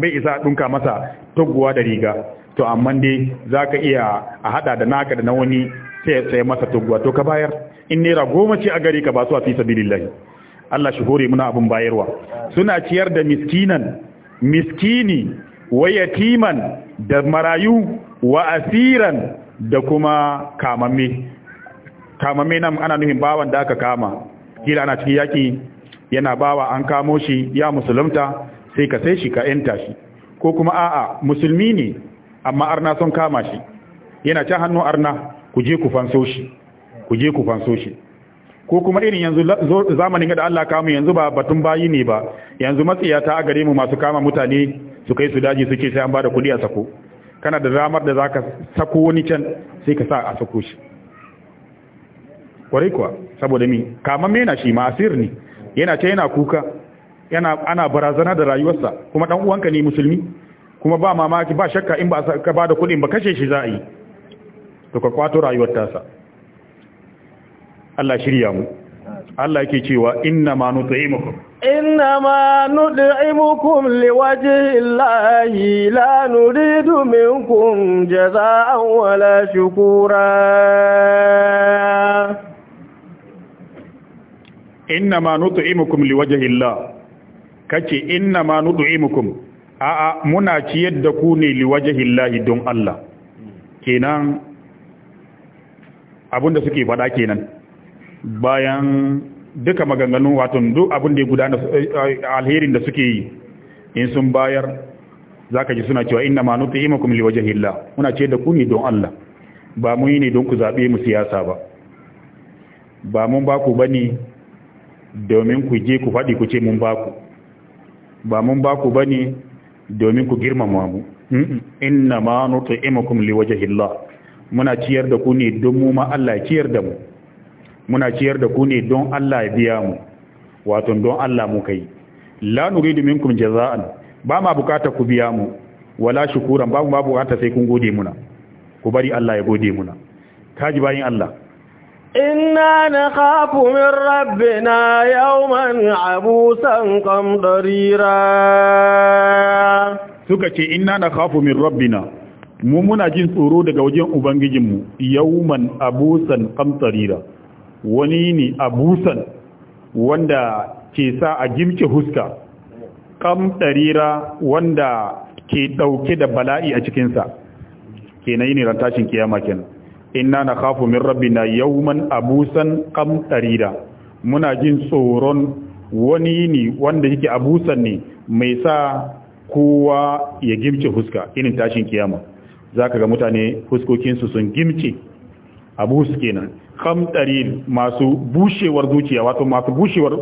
Speaker 2: bai isa ɗinka masa tuguwa da riga to amma dai za ka iya a haɗa da naka da na wani sai ya tsaye masa tuguwa to ka bayar in naira goma ce a gari ka ba su a fi Allah shi hore muna abin bayarwa suna ciyar da miskinan miskini wa yatiman da marayu wa asiran da kuma kamamme kamame nan ana nufin bawan da aka kama kila ana cikin yaki yana bawa an kamo shi ya musulunta sai ka sai shi ka enta shi ko kuma a'a musulmi ne amma arna sun kama shi yana can hannu arna ku je ku fanso shi ku je ku fanso shi ko kuma irin yanzu zamanin da Allah kama yanzu ba batun bayi ne ba yanzu ta a gare mu masu kama mutane su kai su daji suke sai an bada kuɗi a sako kana da ramar da zaka sako wani can sai ka sa a sako shi kwarai kuwa saboda mi kamar mena shi ma asir ne yana ta yana kuka yana ana barazana da rayuwarsa kuma dan uwanka ne musulmi kuma ba mamaki ba shakka in ba ka bada kuɗin ba kashe shi za a yi to ka kwato rayuwar tasa Allah shirya mu Allah yake cewa inna ma nut'imukum
Speaker 1: inna ma nut'imukum liwajhi llahi la nuridu minkum jazaa'an wala shukura
Speaker 2: inna ma nut'imukum liwajhillah kace inna ma a a'a muna ciyar da ku ne liwajhillahi don Allah kenan abinda suke faɗa kenan bayan duka maganganun wato duk abin da ya gudana eh, alherin da suke yi in sun bayar zaka ji suna cewa inna ma nut'imukum liwajhillah muna ciyar da ku ne don Allah ba mu yi ne don ku zabe mu siyasa ba ba mun ba ku bane domin ku je ku faɗi ku ce mun ba ku ba mun ba ku ba ne domin ku girmama mu hmm? inna ma nutu imakum muna ciyar da ku ne don mu ma Allah ya ciyar da mu muna ciyar da ku ne don Allah ya biya mu wato don Allah mu kai la nuridu minkum jaza'an ba ma bukata ku biya mu wala shukuran ba mu ba bukata sai kun gode muna ku bari Allah ya gode muna kaji bayin Allah
Speaker 1: إنا نخاف من ربنا يوما عبوسا قمطريرا سكتي إنا نخاف من ربنا mu muna
Speaker 2: jin tsoro daga wajen ubangijinmu yauman abusan kamtarira wani ne abusan wanda ke sa a jimce huska kamtarira wanda ke dauke da bala'i a cikinsa kenan yi ne rantashin kiyama kenan inna na kafu min na yawman abusan kamtarida muna jin tsoron wani ne wanda yake abusan ne mai sa kowa ya gimce huska irin tashin kiyama ka ga mutane huskokinsu sun gimce abus kenan kamtarid masu bushewar zuciya wato masu bushewar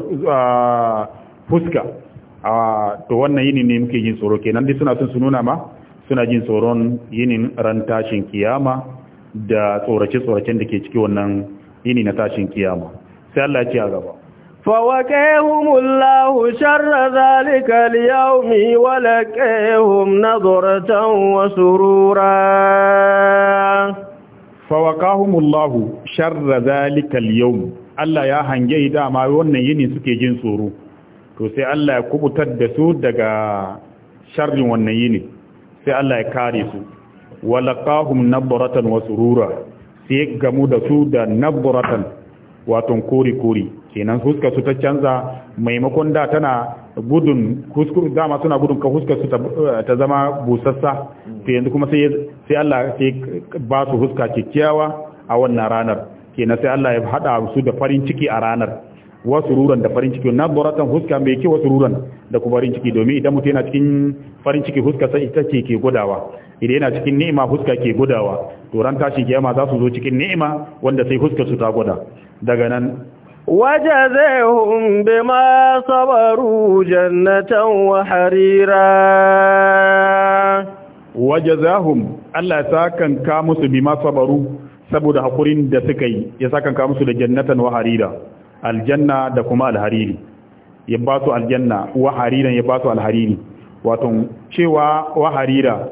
Speaker 2: fuska ah, a ah, to wannan yini ne muke jin tsoro kenan dai suna sun nuna ma suna jin tsoron yinin ran tashin kiyama da tsorace-tsoracen da ke ciki wannan yini na tashin kiyama sai Allah ya ce a gaba
Speaker 1: فوكيهم الله شر ذلك اليوم ولكيهم نظرة وسرورا فوكاهم الله شر ذلك اليوم
Speaker 2: Allah ya hange da ma wannan yini suke jin tsoro to sai Allah ya kubutar da su daga sharrin wannan yini sai Allah ya kare su wa laqahum nabratan wa surura sai gamu da su da nabratan wato kori kori kenan huska su ta canza maimakon da tana gudun husku dama suna gudun ka huska su eh, ta zama busassa to yanzu kuma sai sai Allah sai ba su huska kikkiawa a wannan ranar kenan sai Allah ya hada su da farin ciki a ranar wasu ruran da farin ciki na boratan huska mai ke wasu ruran da ku farin ciki domin idan mutu yana cikin farin ciki huska sai ita ce ke gudawa idan yana cikin ni'ima huska ke gudawa to ran tashi kiyama za su zo cikin ni'ima wanda sai huska su ta guda daga nan
Speaker 1: wajazahum bima sabaru jannatan wa harira wajazahum Allah
Speaker 2: sakan ka musu bima sabaru saboda hakurin da suka yi ya sakan ka musu da jannatan wa harira aljanna da kuma alhariri ya ba su aljanna wa hariran ya ba su alhariri wato cewa wa harira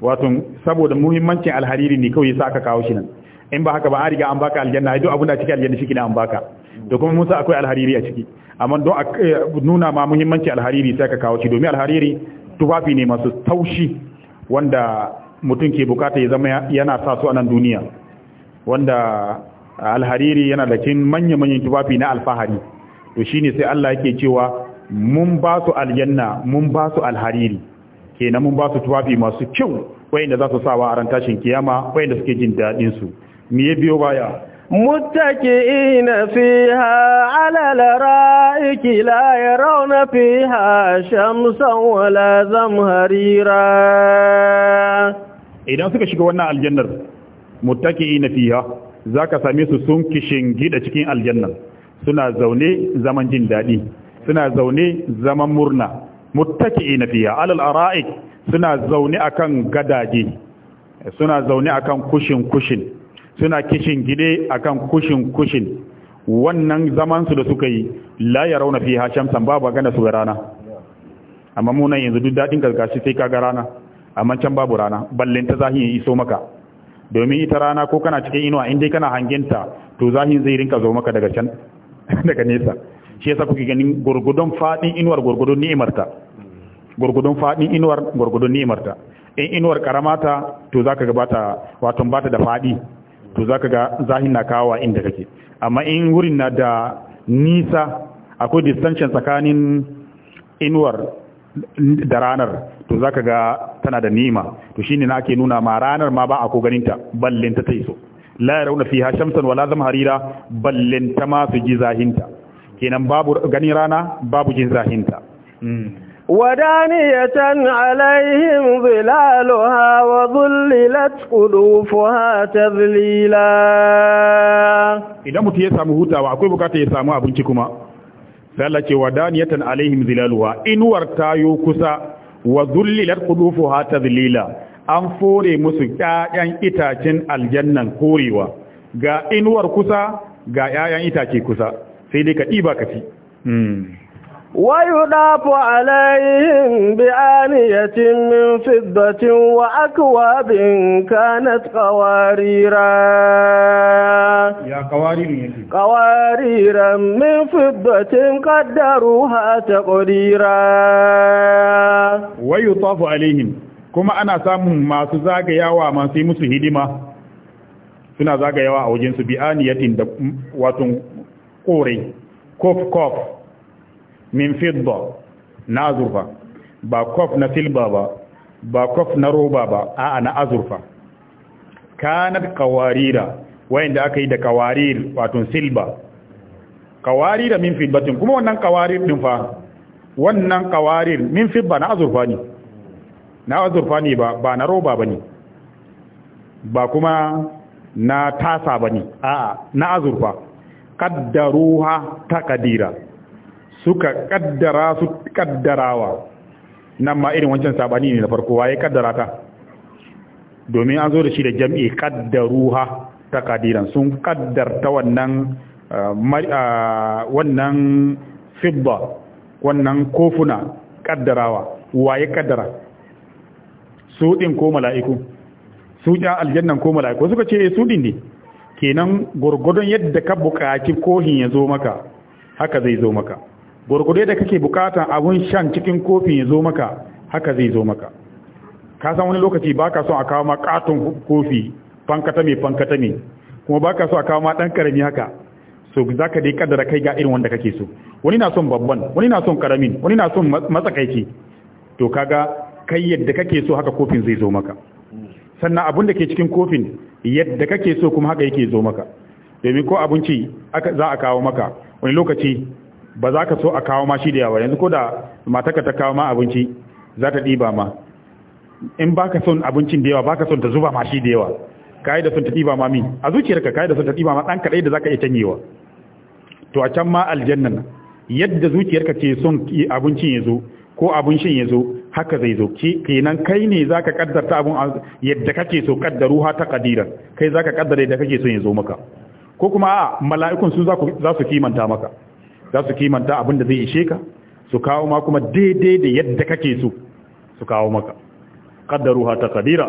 Speaker 2: wato saboda muhimmancin alhariri ne kawai sa aka kawo shi nan in ba haka ba an riga an baka aljanna ai duk abin da cikin aljanna shi kina an baka da kuma musa akwai alhariri a ciki amma don a eh, nuna ma muhimmancin alhariri sai aka kawo shi domin alhariri tufafi ne masu taushi wanda mutum ke bukata ya zama yana sa su a nan duniya wanda alhariri yana da cikin manya-manyan tufafi na alfahari to shine sai Allah yake cewa mun ba su aljanna mun ba su alhariri kenan mun ba su tuwafi masu kyau wayanda za su sawa a ran tashin kiyama wayanda suke jin dadin su me ya biyo baya
Speaker 1: متكئين fiha على الارائك لا يرون fiha Shamsan wala Zamharira. idan suka shiga wannan aljannar
Speaker 2: muttaki'ina fiha zaka same su sun kishin gida cikin aljannar suna zaune zaman jin dadi suna zaune zaman murna muttaki'ina fiha alal ara'ik suna zaune akan gadaje suna zaune akan kushin kushin suna kishin gide akan kushin kushin wannan zaman su da suka yi la ya yarawna fiha shamsan babu gana su garana amma mu nan yanzu duk dadin gaskashi sai kaga rana amma can babu rana ballin ta zahi iso maka domin ita rana ko kana cikin inuwa in dai kana hangenta to zahin zai rinka zo maka daga can daga nesa shi yasa kuke ganin gurgudun fadin inuwar gurgudun ni'imarta gurgudun fadin inuwar gurgudun ni'imarta in inuwar karamata to zaka ga bata wato bata da fadi to zaka ga zahin na kawo inda kake amma in wurin na da nisa akwai distance tsakanin inuwar da ranar to zaka ga tana da nima to shine na ake nuna ma ranar ma ba a ko ganin ta ballin ta ta iso la yarawna fiha shamsan wala zamharira ballin ta ma su ji zahinta kenan babu gani rana babu jin zahinta
Speaker 1: hmm. alaihim zilaluha wa dhullilat قلوفها تذليلا idan mutum ya samu hutawa akwai
Speaker 2: bukata ya samu abinci kuma sai Allah ce wadaniyatan alaihim zilaluha inwar tayo kusa wa dhullilat qudufuha tadlila an fore musu ƴaƴan itacen aljannan korewa ga inuwar kusa ga ƴaƴan itace kusa Sai dai kaɗi ba ka fi.
Speaker 1: Wayu tafu alehin bi'a niyyatin min fitbatun wa'akawa bin Kanas ƙawarira. Ya ƙawari in min fitbatun ƙaddar ruwa
Speaker 2: Wayu tafu alehin, kuma ana samun masu zagayawa masu yin musu hidima suna zagayawa a wajensu, bi'a niyyatin da watan. ƙorai kof kof min fidda na azurfa ba kof na silba ba ba kof na roba ba a'a na azurfa kanat kawarira wayanda aka yi da kawarir wato silba kawarira min tun kuma wannan kawarir din fa wannan kawarir min fidda na azurfa ne na azurfa ne ba ba na roba bane ba kuma na tasa bane a'a na azurfa qaddaruha taqdira suka kaddara su kaddarawa nan ma irin wancan sabani ne na farko waye kaddara ta domin an zo da shi da jam'i qaddaruha taqdiran sun kaddarta wannan uh, uh, wannan fidda wannan kofuna kaddarawa waye kaddara su din ko mala'iku su ja aljannan ko mala'iku suka ce eh, su din ne kenan gurgudun yadda ka buƙaci kohin ya zo maka haka zai zo maka gurgudun yadda kake buƙatan abun shan cikin kofin ya zo maka haka zai zo maka ka san wani lokaci baka son a kawo ma katon kofi fankata mai fankata mai kuma baka so a kawo ma dan karami haka so zaka dai kaddara kai ga irin wanda kake so wani na son babban wani na son karamin wani na son matsakaici to kaga kai yadda kake so haka kofin zai zo maka sannan abun da ke cikin kofin yadda kake so kuma haka yake zo maka domin ko abinci za a kawo maka wani lokaci ba za ka so a kawo ma shi da yawa yanzu ko da mataka ta kawo ma abinci za ta ɗiba ma in ba ka son abincin da yawa ba ka son ta zuba ma shi da yawa ka yi da son ta ɗiba ma min a zuciyarka ka yi da son ta ɗiba ma ɗan kaɗai da za ka iya canyewa to a can ma aljannan yadda zuciyarka ke son abincin ya zo ko abincin ya zo haka zai zo kenan kai ne za kaddar kaddarta abun yadda kake so ha ta kadiran kai za ka kaddar yadda kake so ya zo maka ko kuma a mala'ikun sun za su kimanta maka za su kimanta abin da zai ishe ka su kawo ma kuma daidai da yadda kake so su kawo maka ha ta kadira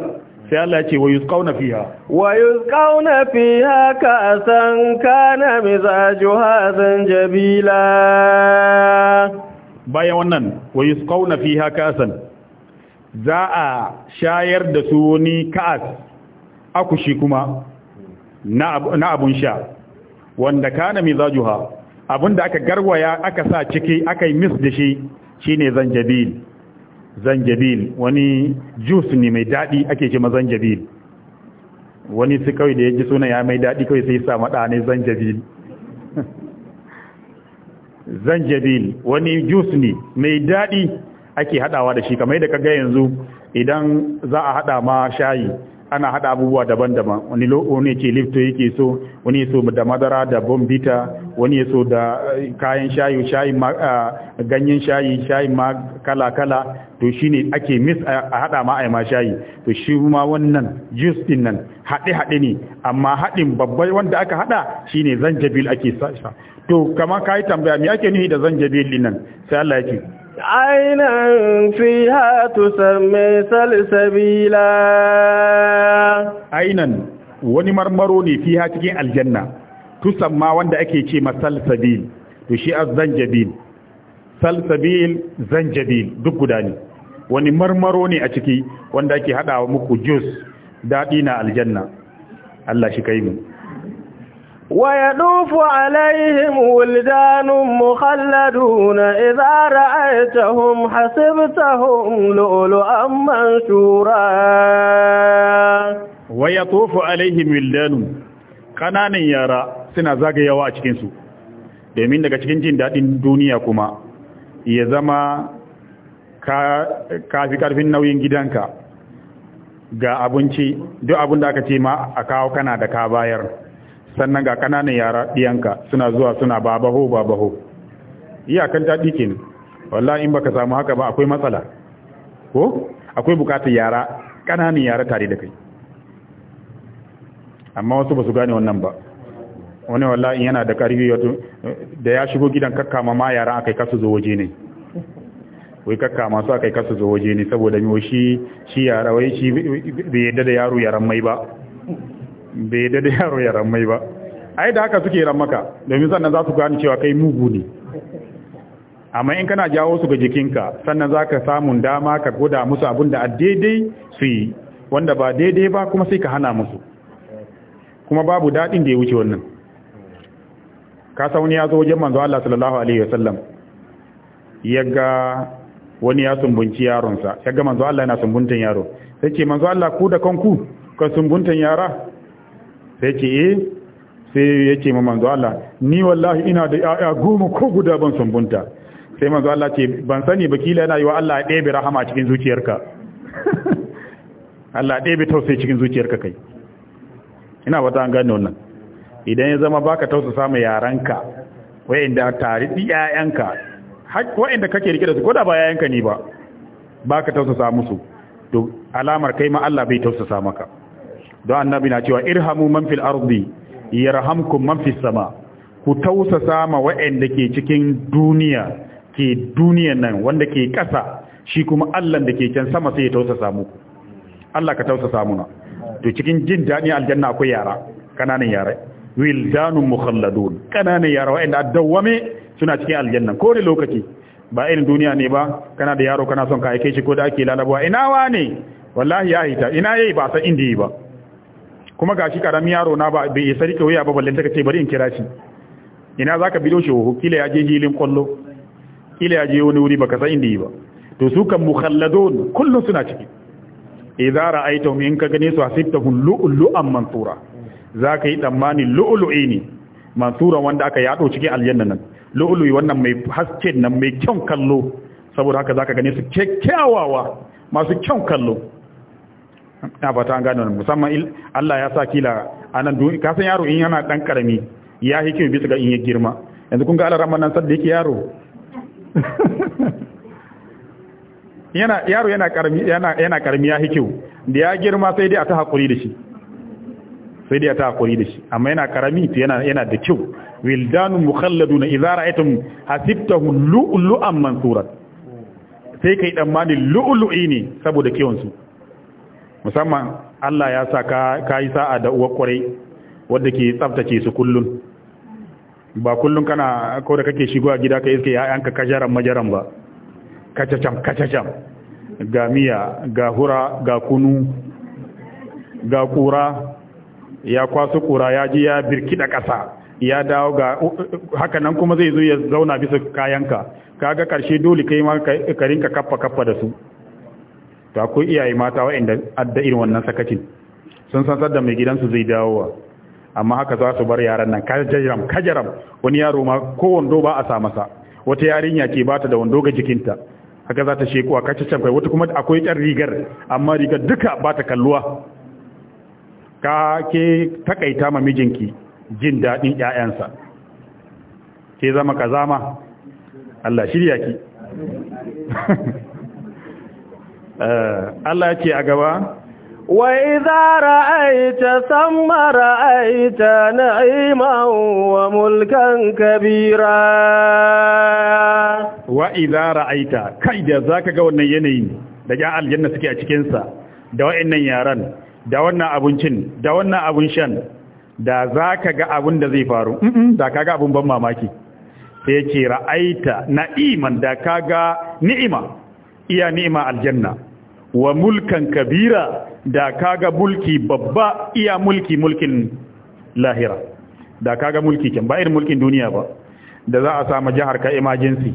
Speaker 2: sai Allah ya ce wa yusqauna fiha
Speaker 1: wa yusqauna fiha ka'san kana mizajuha zanjabila bayan wannan wa yusqawna fiha
Speaker 2: ka'san za a shayar da su wani ka'as akushi kuma na abun sha wanda kana mizajuha abinda aka garwaya aka sa ciki aka yi mis da shi shine zanjabil zanjabil wani juice ne mai dadi ake ce mazanjabil wani su kawai da ya ji suna ya mai dadi kawai sai ya sa mada ne zanjabil zanjabil wani juice ne mai daɗi ake haɗawa da shi kamar yadda ga yanzu idan za a haɗa ma shayi ana hada abubuwa daban-daban wani ne ke lifto yake so wani so da madara da bombita wani so da eh, kayan shayi shayi ah, ganyen shayi shayi ma kala-kala to shine ake mis a hada ma yi ma shayi to shi ma wannan juice nan haɗe-haɗe ne amma haɗin babbai wanda aka hada shine zanjabil ake sa to kama yi tambaya me ake nuhi da zanjabil din nan sai Allah ya ce
Speaker 1: عينا فيها تسمى سلسبيلا
Speaker 2: عينا wani marmaro ne fiha cikin aljanna tusamma wanda ake ce masalsabil to shi az-zanjabil salsabil zanjabil duk guda ne wani marmaro ne a ciki wanda ake hadawa muku jus dadi na aljanna Allah shi kai mu
Speaker 1: ويدوف عليهم ولدان مخلدون إذا رأيتهم حسبتهم لؤلؤا منشورا
Speaker 2: ويطوف عليهم ولدان قنان yara suna zagayawa a cikinsu domin daga cikin jin daɗin duniya kuma ya zama ka ƙarfin nauyin gidanka ga abinci duk abin da aka ce ma a kawo kana da ka bayar sannan ga kananan yara diyanka suna zuwa suna babaho babaho iyakan ta dikin wallahi in baka samu haka ba akwai matsala ko akwai bukatar yara kananan yara tare da kai amma wasu ba su gane wannan ba wani wallahi yana da karfi da ya shigo gidan kakkama ma yara akai kasu zo waje ne wai kakka masu akai kasu zo waje ne saboda miyo shi shi yara wai shi bai yadda da yaro yaran mai ba bai da yaro ya mai ba A yi da haka suke maka domin sannan za su gane cewa kai mugu ne amma in kana jawo su ga jikinka sannan za ka samun dama ka goda musu abin da a daidai su yi wanda ba daidai ba kuma sai ka hana musu kuma babu daɗin da ya wuce wannan ka wani ya zo wajen manzo Allah sallallahu alaihi wasallam yaga wani ya sumbunci yaronsa yaga manzo Allah yana sumbuntan yaro sai ce manzo Allah ku da kanku ka sumbuntan yara sai ce yi, eh, sai ya ce ma manzo Allah ni wallahi ina da ya'ya goma ko guda ban sumbunta sai manzo Allah ce ban sani ba kila yana yi wa Allah ya ɗebe rahama cikin zuciyarka Allah ya ɗebe tausayi cikin zuciyarka kai ina wata an gane wannan idan ya zama baka tausasa ma yaranka wayanda tare iyayenka wayanda kake rike da su ko da ba yayanka ne ba baka tausasa musu to alamar kai ma Allah bai tausasa maka don annabi na cewa irhamu man fil ardi yarhamkum man fis sama ku tausasa ma wa'anda ke cikin duniya ke duniyan nan wanda ke ƙasa shi kuma Allah da ke can sama sai ya tausasa muku Allah ka tausasa muna to cikin jin daɗi aljanna akwai yara kananan yara wildanun mukhalladun kananan yara wa'anda dawwame suna cikin aljanna ko ne lokaci ba irin duniya ne ba kana da yaro kana son ka aike shi ko da ake lalabuwa ina ne? wallahi ya hita ina yayi ba san inda yi ba kuma gashi karamin yaro na ba bai yi sarki waya ba balle ta ce bari in kira shi ina zaka bido shi ho kila ya je hilin kwallo kila ya je wani wuri baka san inda yi ba to su kan mukhalladun kullun suna ciki idza ra'aytum in ka gane su asibtahum am mansura zaka yi tsammani lu'lu'i ne mansura wanda aka yado cikin aljanna nan lu'lu'i wannan mai haske nan mai kyan kallo saboda haka zaka gane su kyakkyawawa masu kyan kallo na fata an gane musamman Allah ya sa kila anan duniya ka san yaro in yana dan karami ya hikimi bisa ga in ya girma yanzu kun ga Allah ramman nan sadda yake yaro yana yaro yana karami yana yana karami ya hikimi da ya girma sai dai a ta hakuri da shi sai dai a ta hakuri da shi amma yana karami to yana yana da kyau wildanu mukhalladuna idza ra'aytum hasibtahu lu'lu'an mansurat sai kai dan mani lu'lu'i ne saboda kiyon su musamman Allah ya sa ka yi sa'a da uwa kwarai wadda ke tsaftace su kullum ba kullum kana ko da kake shigo a gida ka iske ya'yanka kajaran majaran ba kacacam kacacam ga miya ga hura ga kunu ga kura ya kwaso kura ya ji ya birki da ƙasa ya dawo ga haka nan kuma zai zo ya zauna bisa kayanka Ka ga karshe dole kai ma ka rinka kaffa kaffa da su to akwai iyaye mata waɗanda adda irin wannan sakacin sun san sadda mai gidansu zai dawowa amma haka za su bar yaran nan kajaram kajaram wani yaro ma ko wando ba a sa wata yarinya ke bata da wando ga jikinta haka za ta shekuwa, a can kai wata kuma akwai ƙyar rigar amma rigar duka ba ta kalluwa ka ke takaita ma mijinki jin daɗin ƴaƴansa ke zama kazama Allah shirya ki Eh, Allah ya ce a gaba
Speaker 1: wai zara ra'aita samara aita na'ima wa mulkan kabira wai zara aita kai da zaka ga
Speaker 2: wannan yanayin da ya aljanna suke a cikin sa da wayennan yaran da wannan abincin da wannan abun shan da zaka ga abun da zai faru da kaga abun ban mamaki sai ya ce ra'aita na'iman da ga ni'ima iya ni'ima aljanna wa mulkan kabira da kaga mulki babba iya mulki mulkin lahira da kaga mulki can ba irin mulkin duniya ba da za a samu jihar ka emergency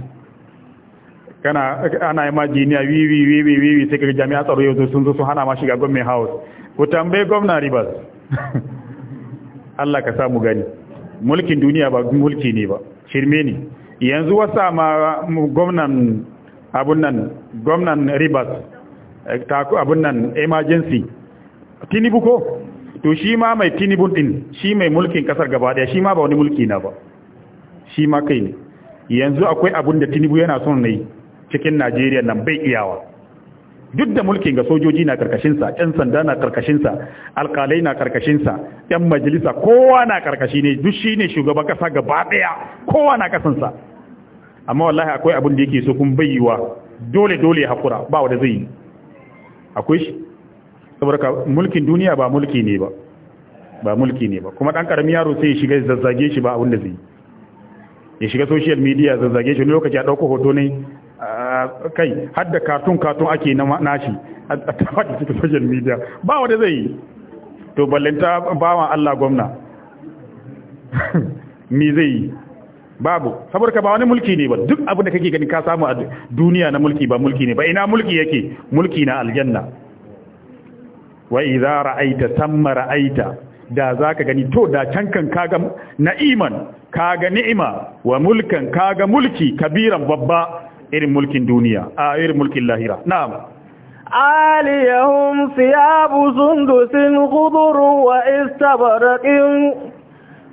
Speaker 2: kana ana imajiniya wiwi wiwi wiwi sai kaga jami'a tsaro yau sun zo sun hana ma shiga gwamnati house ku tambaye gwamnati ribas Allah ka samu gani mulkin duniya ba mulki ne ba shirme ne yanzu wasa ma gwamnan abun nan gwamnan ribas abin nan emergency tinubu ko to shi ma mai tinibun din shi mai mulkin kasar gaba daya shi ma ba wani mulki na ba shi ma kai ne yanzu akwai abin da tinubu yana son ne cikin najeriya nan bai iyawa duk da mulkin ga sojoji na karkashinsa yan sanda na karkashinsa alkalai na karkashinsa yan majalisa kowa na karkashi ne duk shi ne shugaban kasa gaba daya kowa na kasansa amma wallahi akwai abin da yake so kun bayyiwa dole dole hakura ba wanda zai yi akwai shi saboda mulkin duniya ba mulki ne ba ba mulki ne ba kuma dan karamin yaro sai ya shiga zazzage shi ba abin da zai ya shiga social media zazzage shi lokaci a dauko hoto ne kai har da cartoon cartoon ake na nashi a tafi cikin social media ba wanda zai yi to ballanta bawan Allah gwamna me zai yi babu saboda ba wani mulki ne ba duk abin da kake gani ka samu a duniya na mulki ba mulki ne ba ina mulki yake mulki na aljanna wa idza ra'aita samma ra'aita da zaka gani to da can kan kaga na'iman kaga ni'ima wa mulkan kaga mulki kabiran babba irin mulkin duniya a irin mulkin lahira
Speaker 1: na'am aliyahum siyabu sundusin khudurun wa istabarqin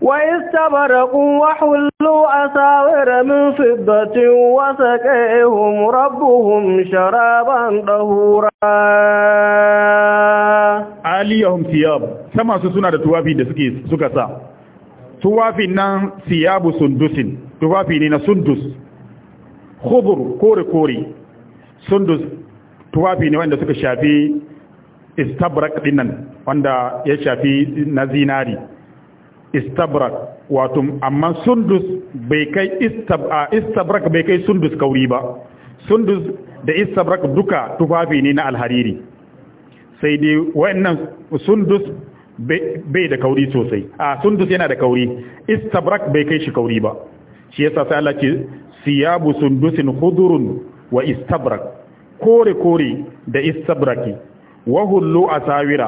Speaker 1: واستبرقوا وحلوا أساور من فضة وسقيهم ربهم شرابا طهورا aliyahum thiyab sama
Speaker 2: su suna da tuwafi da suka sa tuwafin nan thiyabu sundusin tuwafi ne na sundus khubur kore kore sundus tuwafi ne wanda suka shafi istabrak dinnan wanda ya shafi na zinari istabrak wato amma sundus bai kai istabrak bai kai sundus kauri ba sundus da istabrak duka tufafi ne na alhariri sai dai wannan sundus bai da kauri sosai a sundus yana da kauri istabrak bai kai shi kauri ba shi yasa sai Allah ce siyabu sundusin khudurun wa istabrak kore kore da istabraki wa hullu asawira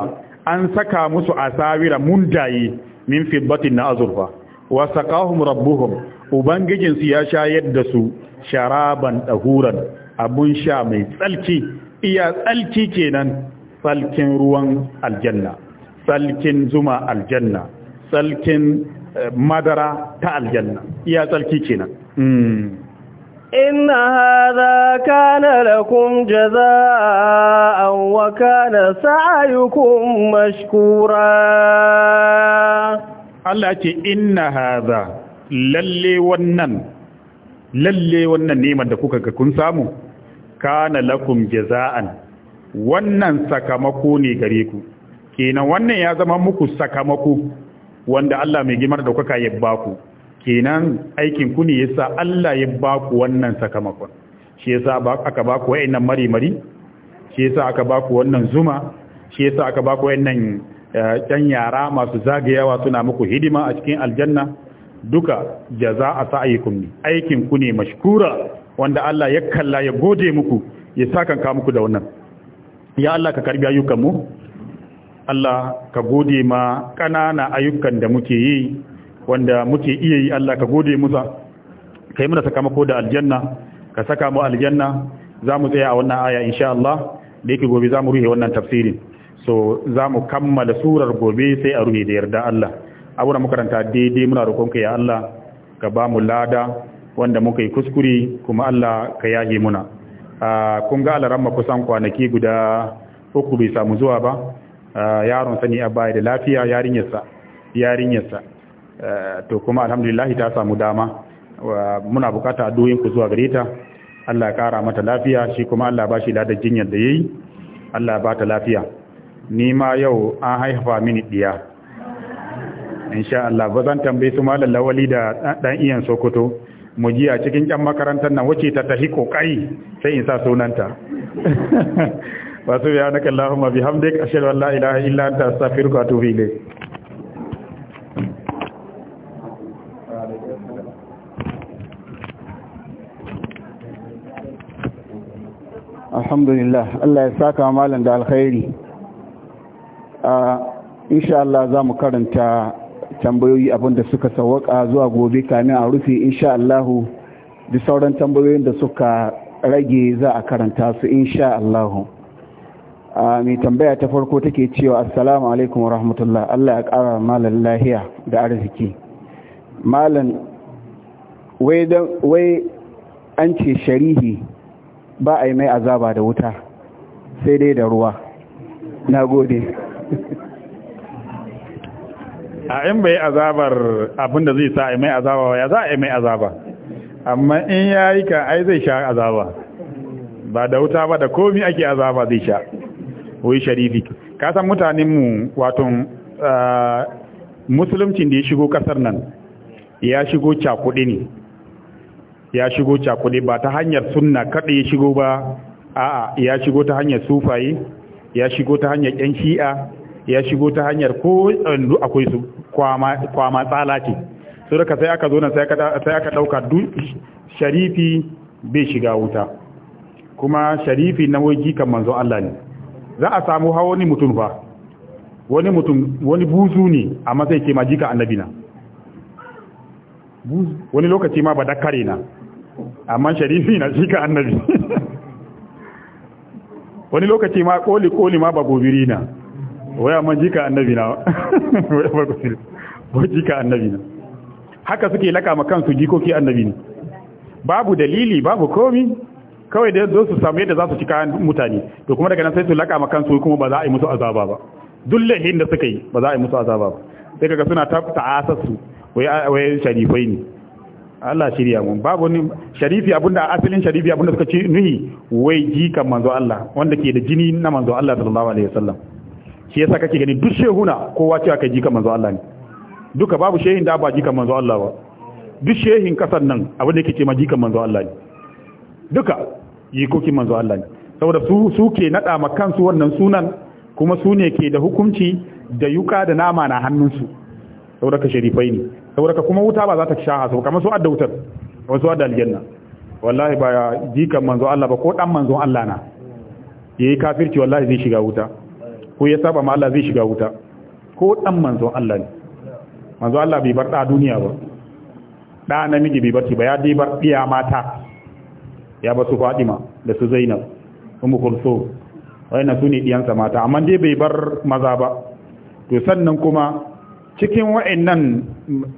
Speaker 2: an saka musu asawira mundaye min fiddatin na azurfa wa saqahum rabbuhum ubangijin su ya shayar da su sharaban ɗahuran abun sha mai tsalki iya tsalki kenan tsalkin ruwan aljanna tsalkin zuma aljanna tsalkin eh, madara ta aljanna iya tsalki kenan hmm.
Speaker 1: إن هذا كان لكم جزاء وكان سعيكم مشكورا Allah ce inna haza lalle wannan
Speaker 2: lalle wannan neman da kuka ga kun samu kana lakum jaza'an wannan sakamako ne gare ku kenan wannan ya zama muku sakamako wanda Allah mai gimar da kuka ya baku kenan aikin ku ne sa Allah ya ba ku wannan sakamakon shi ya sa aka ba ku wayannan mari-mari shi ya sa aka ba ku wannan zuma shi ya sa aka ba ku nan ɗan eh, yara masu zagayawa suna muku hidima a cikin aljanna duka jaza a sa'ayikum ne aikin ku ne mashkura wanda Allah ya kalla ya gode muku ya sa ka muku da wannan ya Allah ka karbi ayyukanmu. Allah ka gode ma ƙanana ayyukan da muke yi wanda muke iya yi Allah ka gode musa ka yi muna sakamako da aljanna ka saka mu aljanna za mu tsaya a wannan aya insha Allah da yake gobe za mu ruhe wannan tafsirin so za mu kammala surar gobe sai a ruhe da yarda Allah abuna makaranta daidai muna ka ya Allah ka ba mu lada wanda muka yi kuskure kuma Allah ka yaje muna kun ga alaran kusan kwanaki guda uku bai samu zuwa ba yaron sani a baya da lafiya yarinyarsa yarinyarsa Eh, to kuma alhamdulillah ta samu dama muna bukata addu'o'in ku zuwa gareta. Allah ya kara mata lafiya shi kuma Allah ba shi ladar jinyar da yayi Allah ya ba ta lafiya ni ma yau an haifa mini diya insha Allah ba zan tambaye su malam lawali da dan iyan Sokoto mu jiya cikin ƴan makarantar nan wace ta tahi kokai sai in sa sunanta wasu ya naka Allahumma bihamdika ashhadu an la ilaha illa anta astaghfiruka wa atubu ilayk
Speaker 3: alhamdulillah Allah ya saka malam da alkhairi insha Allah za mu karanta tambayoyi abinda suka sawaka zuwa gobe kamin a rufe insha Allah da sauran tambayoyin da suka rage za a karanta su insha Allah mai tambaya ta farko take cewa assalamu alaikum wa rahmatullah Allah ya kara malam lahiya da arziki malam wai an ce sharihi ba a yi mai azaba da wuta sai dai da ruwa na gode
Speaker 2: a in bai azabar abinda zai sa a yi mai azaba ya za a yi mai azaba amma in ya yi ka ai zai sha azaba ba da wuta ba da komi ake azaba zai sha wai sharifi kasan mutanenmu waton ah, musulumcin da ya shigo kasar nan ya shigo cakudi ne ya shigo cakude ba ta hanyar sunna kaɗai ya shigo ba a'a ya shigo ta hanyar sufaye ya shigo ta hanyar ƴan shi'a ya shigo ta hanyar ko ɗandu akwai su kwama tsala ce su daga sai aka zo na sai aka ɗauka sharifi bai shiga wuta kuma sharifi na waji jikan manzo Allah ne za a samu hawa wani mutum ba? wani mutum wani buzu ne amma sai ke ma jika annabi na wani lokaci ma ba dakare na amma sharifi na shi ka annabi wani lokaci ma koli koli ma ba gobiri na waya man jika annabi na waya ba ba jika annabi na haka suke laka ma kansu jikoki annabi ne babu dalili babu komi kawai da zo su samu yadda za su cika mutane to kuma daga nan sai su laka ma kansu kuma ba za a yi musu azaba ba duk lahin da suka yi ba za a yi musu azaba ba sai kaga suna ta ta'asarsu wai sharifai ne Allah shirya mun babu ni sharifi abunda asalin sharifi abunda suka ce nuhi wai jikan manzo Allah wanda ke da jini na manzo Allah sallallahu alaihi wasallam shi yasa kake gani duk shehuna kowa aka kai jikan manzo Allah ne duka babu shehin da ba jikan manzo Allah ba duk shehin kasar nan abinda yake ce ma jikan manzo Allah ne duka yi koki manzo Allah ne saboda su su ke nada ma kansu wannan sunan kuma su ne ke da hukunci da yuka da nama na hannunsu saboda ka sharifai ne saboda ka kuma wuta ba za ta sha su kamar su adda wutar su adda aljanna wallahi ba jikan manzo Allah ba ko dan manzo Allah na yayi kafirci wallahi zai shiga wuta ko ya saba ma Allah zai shiga wuta ko dan manzo Allah ne manzo Allah bai bar da duniya ba da namiji bai barci ba ya dai bar iya mata ya ba su Fatima da su Zainab Ummu Kulsum wayannan sune sa mata amma dai bai bar maza ba to sannan kuma cikin wa'annan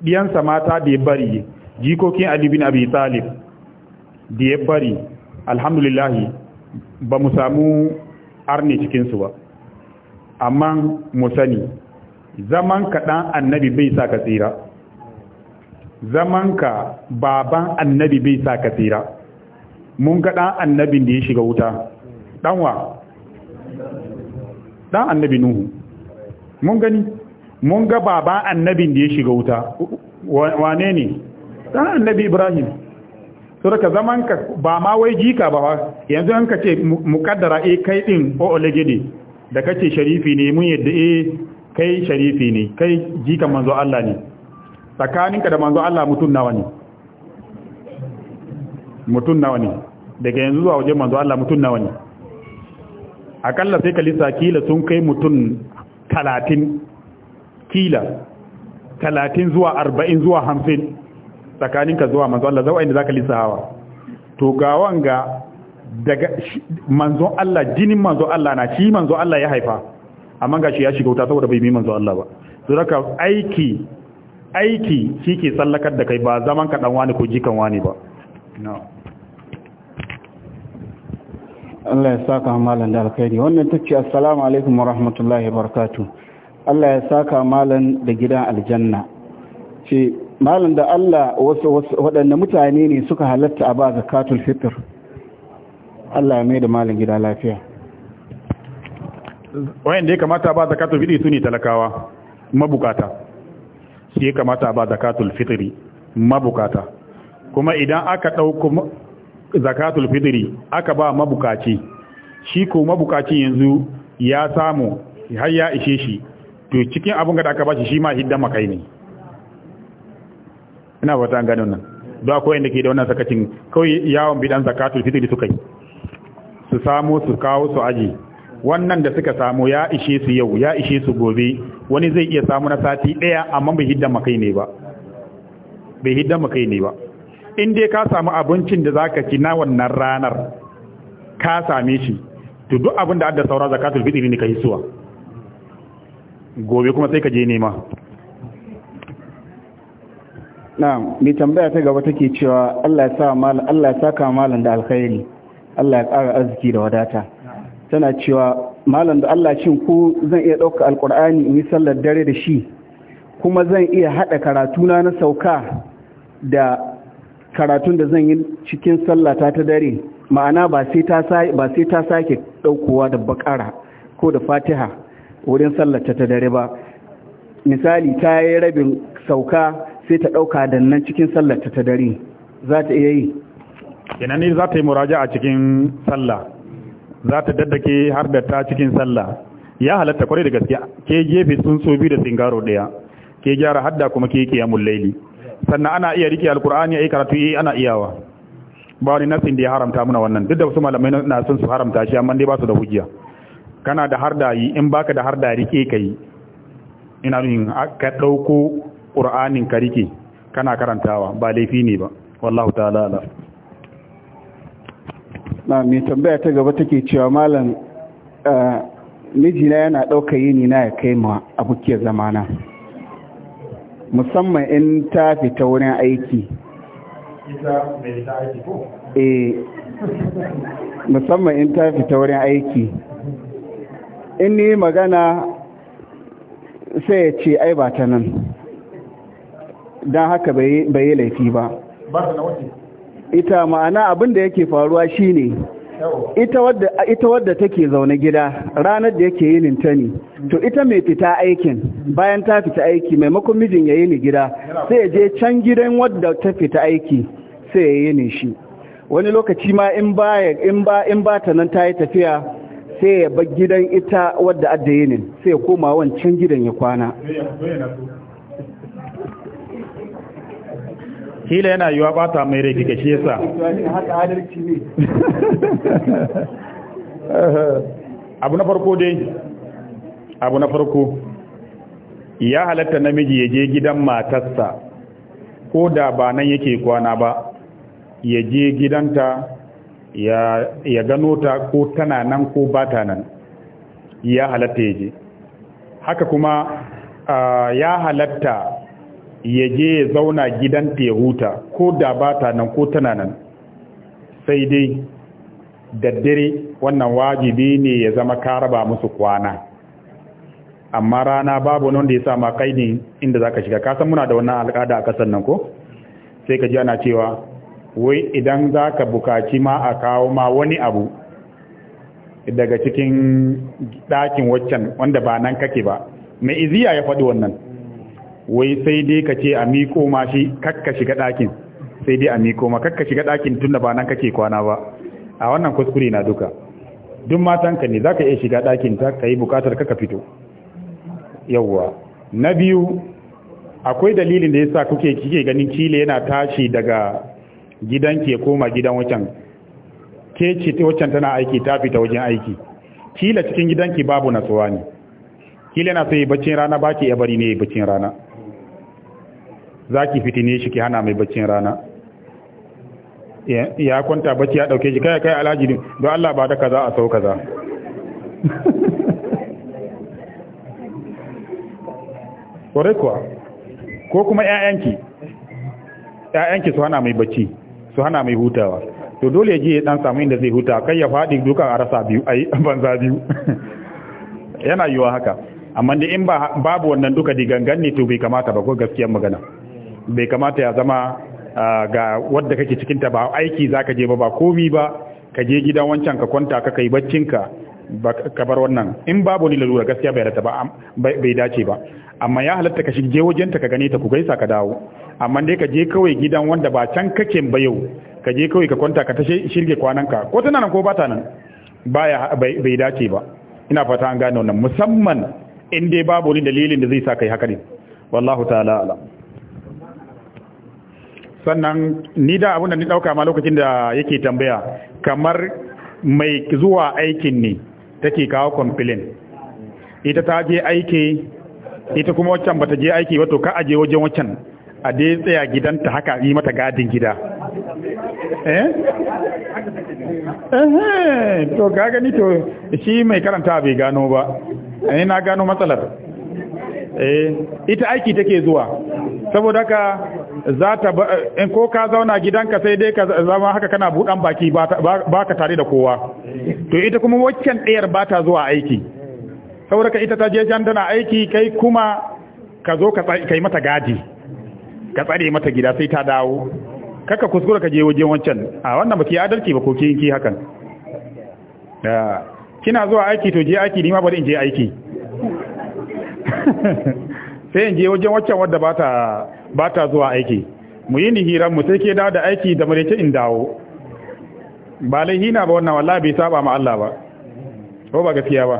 Speaker 2: ɗiyansa mata da ya bari jikokin Ali bin Abi Talib da ya bari alhamdulillah ba mu samu arni cikinsu ba amma mu sani zaman kaɗan annabi bai sa ka tsira zaman ka baban annabi bai sa ka tsira mun ga ɗan annabin da ya shiga wuta ɗanwa ɗan annabi nuhu mun gani mun ga Baba annabin da ya shiga wuta wane ne dan annabi ibrahim so daga zaman ka ba ma wai jika ba yanzu an ka ce mukaddara eh kai din o olegede da kace sharifi ne mun yadda eh kai sharifi ne kai jika manzo Allah ne tsakaninka da manzo Allah mutun nawa ne mutun nawa ne daga yanzu zuwa waje manzo Allah mutun nawa ne akalla sai ka lissa kila sun kai mutun talatin kila talatin zuwa arba'in zuwa hamsin tsakaninka zuwa manzon Allah zawai inda zaka lissawa to ga wanga daga manzon Allah jinin manzon Allah na shi manzon Allah ya haifa amma shi ya shiga wuta saboda bai bi manzon Allah ba to raka aiki aiki shike sallakar da kai ba zaman ka dan wani ko jikan wani ba Allah ya saka
Speaker 3: malam da alkhairi wannan tace assalamu alaikum wa rahmatullahi wa barakatuh Allah ya saka malan da gidan aljanna ce malan da Allah wasu waɗanda mutane ne suka halatta a ba zakatul fitr Allah ya mai da malan gida lafiya
Speaker 2: da ya kamata ba zakatul fitri su ne talakawa mabukata su ya kamata ba zakatul fitri mabukata kuma idan aka ɗauko zakatul fitri aka ba mabukaci shi ko mabukaci yanzu ya samu har ya ishe shi to cikin abin da aka bashi shi ma hiddan makai ne ina ta gano nan don akwai yadda ke da wannan sakacin kawai yawon bidan zakatul fitri suka yi su samu su kawo su aji wannan da suka samu ya ishe su yau ya ishe su gobe wani zai iya samu na sati daya amma bai hiddan makai ne ba bai hiddan makai ne ba in dai ka samu abincin da zaka ci na wannan ranar ka same shi to duk abin da adda saura zakatul fitri ne ka suwa gobe kuma sai ka je nema
Speaker 3: Na'am, mai tambaya ta gaba take cewa Allah ya sa malam Allah da alkhairi Allah ya ƙara arziki da wadata tana cewa malam da Allah shin ko zan iya ɗauka alkur'ani in yi sallar dare da shi kuma zan iya haɗa karatuna na sauka da karatun da zan yi cikin sallata ta dare ma'ana ba sai ta sake ɗaukowa da bakara ko da fatiha wurin sallata ta dare ba misali ta yi rabin sauka sai ta ɗauka da nan cikin sallata ta dare
Speaker 2: za ta iya yi Ina ne za ta yi muraja a cikin sallah za ta daddake har da ta cikin sallah ya halatta kwarai da gaske ke gefe sun so biyu da singaro ɗaya ke gyara hadda kuma ke kiyamun laili sannan ana iya rike alkur'ani a yi karatu yi eh, ana iyawa ba wani nasin da ya haramta muna wannan duk da wasu malamai na sun su haramta shi amma dai ba su da hujja kana da harda yi in baka da harda rike ka yi ina nuni ka ɗauko ƙur'anin ka rike kana karantawa ba laifi ne ba wallahu ta'ala la
Speaker 3: na mai tambaya ta gaba take cewa malam mijina yana ɗauka yini na ya kai ma abokiyar zamana musamman in ta fita wurin aiki eh, musamman in ta fita wurin aiki in ni magana sai ya ce ai ba ta nan don haka bai yi laifi ba ita ma'ana abin da yake faruwa shine ita wadda take zaune gida ranar da yake yi ninta ne to ita mai fita aikin bayan ta fita aiki maimakon mijin ya yi ni gida sai ya je can gidan wadda ta fita aiki sai ya yi ni shi wani lokaci ma in ba ta nan ta yi tafiya sai ya bar gidan ita wadda adda ne sai ya koma wancan gidan ya kwana
Speaker 2: hila yana yiwa bata mai rai kika shi yasa abu na farko dai abu na farko ya halatta namiji ya je gidan matarsa ko da ba nan yake kwana ba ya je gidanta ya gano ta ko tana nan ko ba ta nan ya halatta ya je haka kuma ya halatta ya je ya zauna gidanta ya huta ko da ba ta nan ko tana nan sai dai daddare wannan wajibi ne ya zama karaba musu kwana amma rana babu wanda ya sa ma kai ne inda za ka shiga kasan muna da wannan alƙada a kasan nan ko sai ka ji ana cewa wai idan za ka bukaci ma a kawo ma wani abu daga cikin ɗakin waccan wanda ba nan kake ba mai iziya ya faɗi wannan wai sai dai ka ce a miko ma shi kakka shiga ɗakin sai dai a miko ma kakka shiga ɗakin tun da ba nan kake kwana ba a wannan kuskure na duka duk ka ne za ka iya shiga ɗakin ta ka yi bukatar kaka fito yawwa na biyu akwai dalilin da ya sa kuke kike ganin kile yana tashi daga gidanki ya koma gidan wacan ke ce wacan tana aiki ta fita wajen aiki kila cikin gidanki babu natsuwa ne kila na sai baccin rana baki ya bari ne baccin rana zaki fitine shi ki hana mai baccin rana ya kwanta bacci ya dauke shi kai kai alaji don Allah ba da kaza a sau kaza
Speaker 4: kore kuwa
Speaker 2: ko kuma 'ya'yanki 'ya'yanki su hana mai bacci su hana mai hutawa to dole ya je ya dan samu inda zai huta kai ya fadi duka a rasa biyu ai banza biyu yana yiwa haka amma da in babu wannan duka digangan ne to bai kamata ba ko gaskiyar magana bai kamata ya zama ga wadda kake cikin ta ba aiki zaka je ba ba komi ba ka je gidan wancan ka kwanta ka kai baccinka ka bar wannan in babu ni lalura gaskiya bai rata ba bai dace ba amma ya halatta ka shige wajenta ka gane ta ku gaisa ka dawo amma dai ka je kawai gidan wanda ba can kake ba yau ka je kawai ka kwanta ka ta shirge kwananka ko tana nan ko ba ta nan baya bai dace ba ina fata an gane wannan musamman in dai babu wani dalilin da zai sa kai haka ne wallahu ta'ala alam sannan ni da abin da ni dauka ma lokacin da yake tambaya kamar mai zuwa aikin ne take kawo complain ita ta je aiki ita kuma waccan bata je aiki ba to ka aje wajen waccan a dai tsaya gidanta haka yi mata gadin gida eh eh to ka gani to shi mai karanta bai gano ba eh na gano matsalar eh ita aiki take zuwa saboda ka za ta eh, in ko ka zauna gidanka sai dai ka zama haka kana budan baki ba ka tare da kowa to ita kuma waccan ɗayar ba ta zuwa aiki saboda ka ita ta je jan dana aiki kai kuma ka zo ka yi mata gadi ka tsare mata gida sai ta dawo kaka kuskura ka je wajen wancan a wannan baki adalci ba ko kin ki hakan kina zuwa aiki to je aiki ni ma bari in je aiki sai in je wajen wancan wadda ba ta ba ta zuwa aiki mu yi ni hiran mu sai ke dawo da aiki da marece in dawo ba laihina ba wannan wallahi bai saba ma Allah ba ko ba gaskiya ba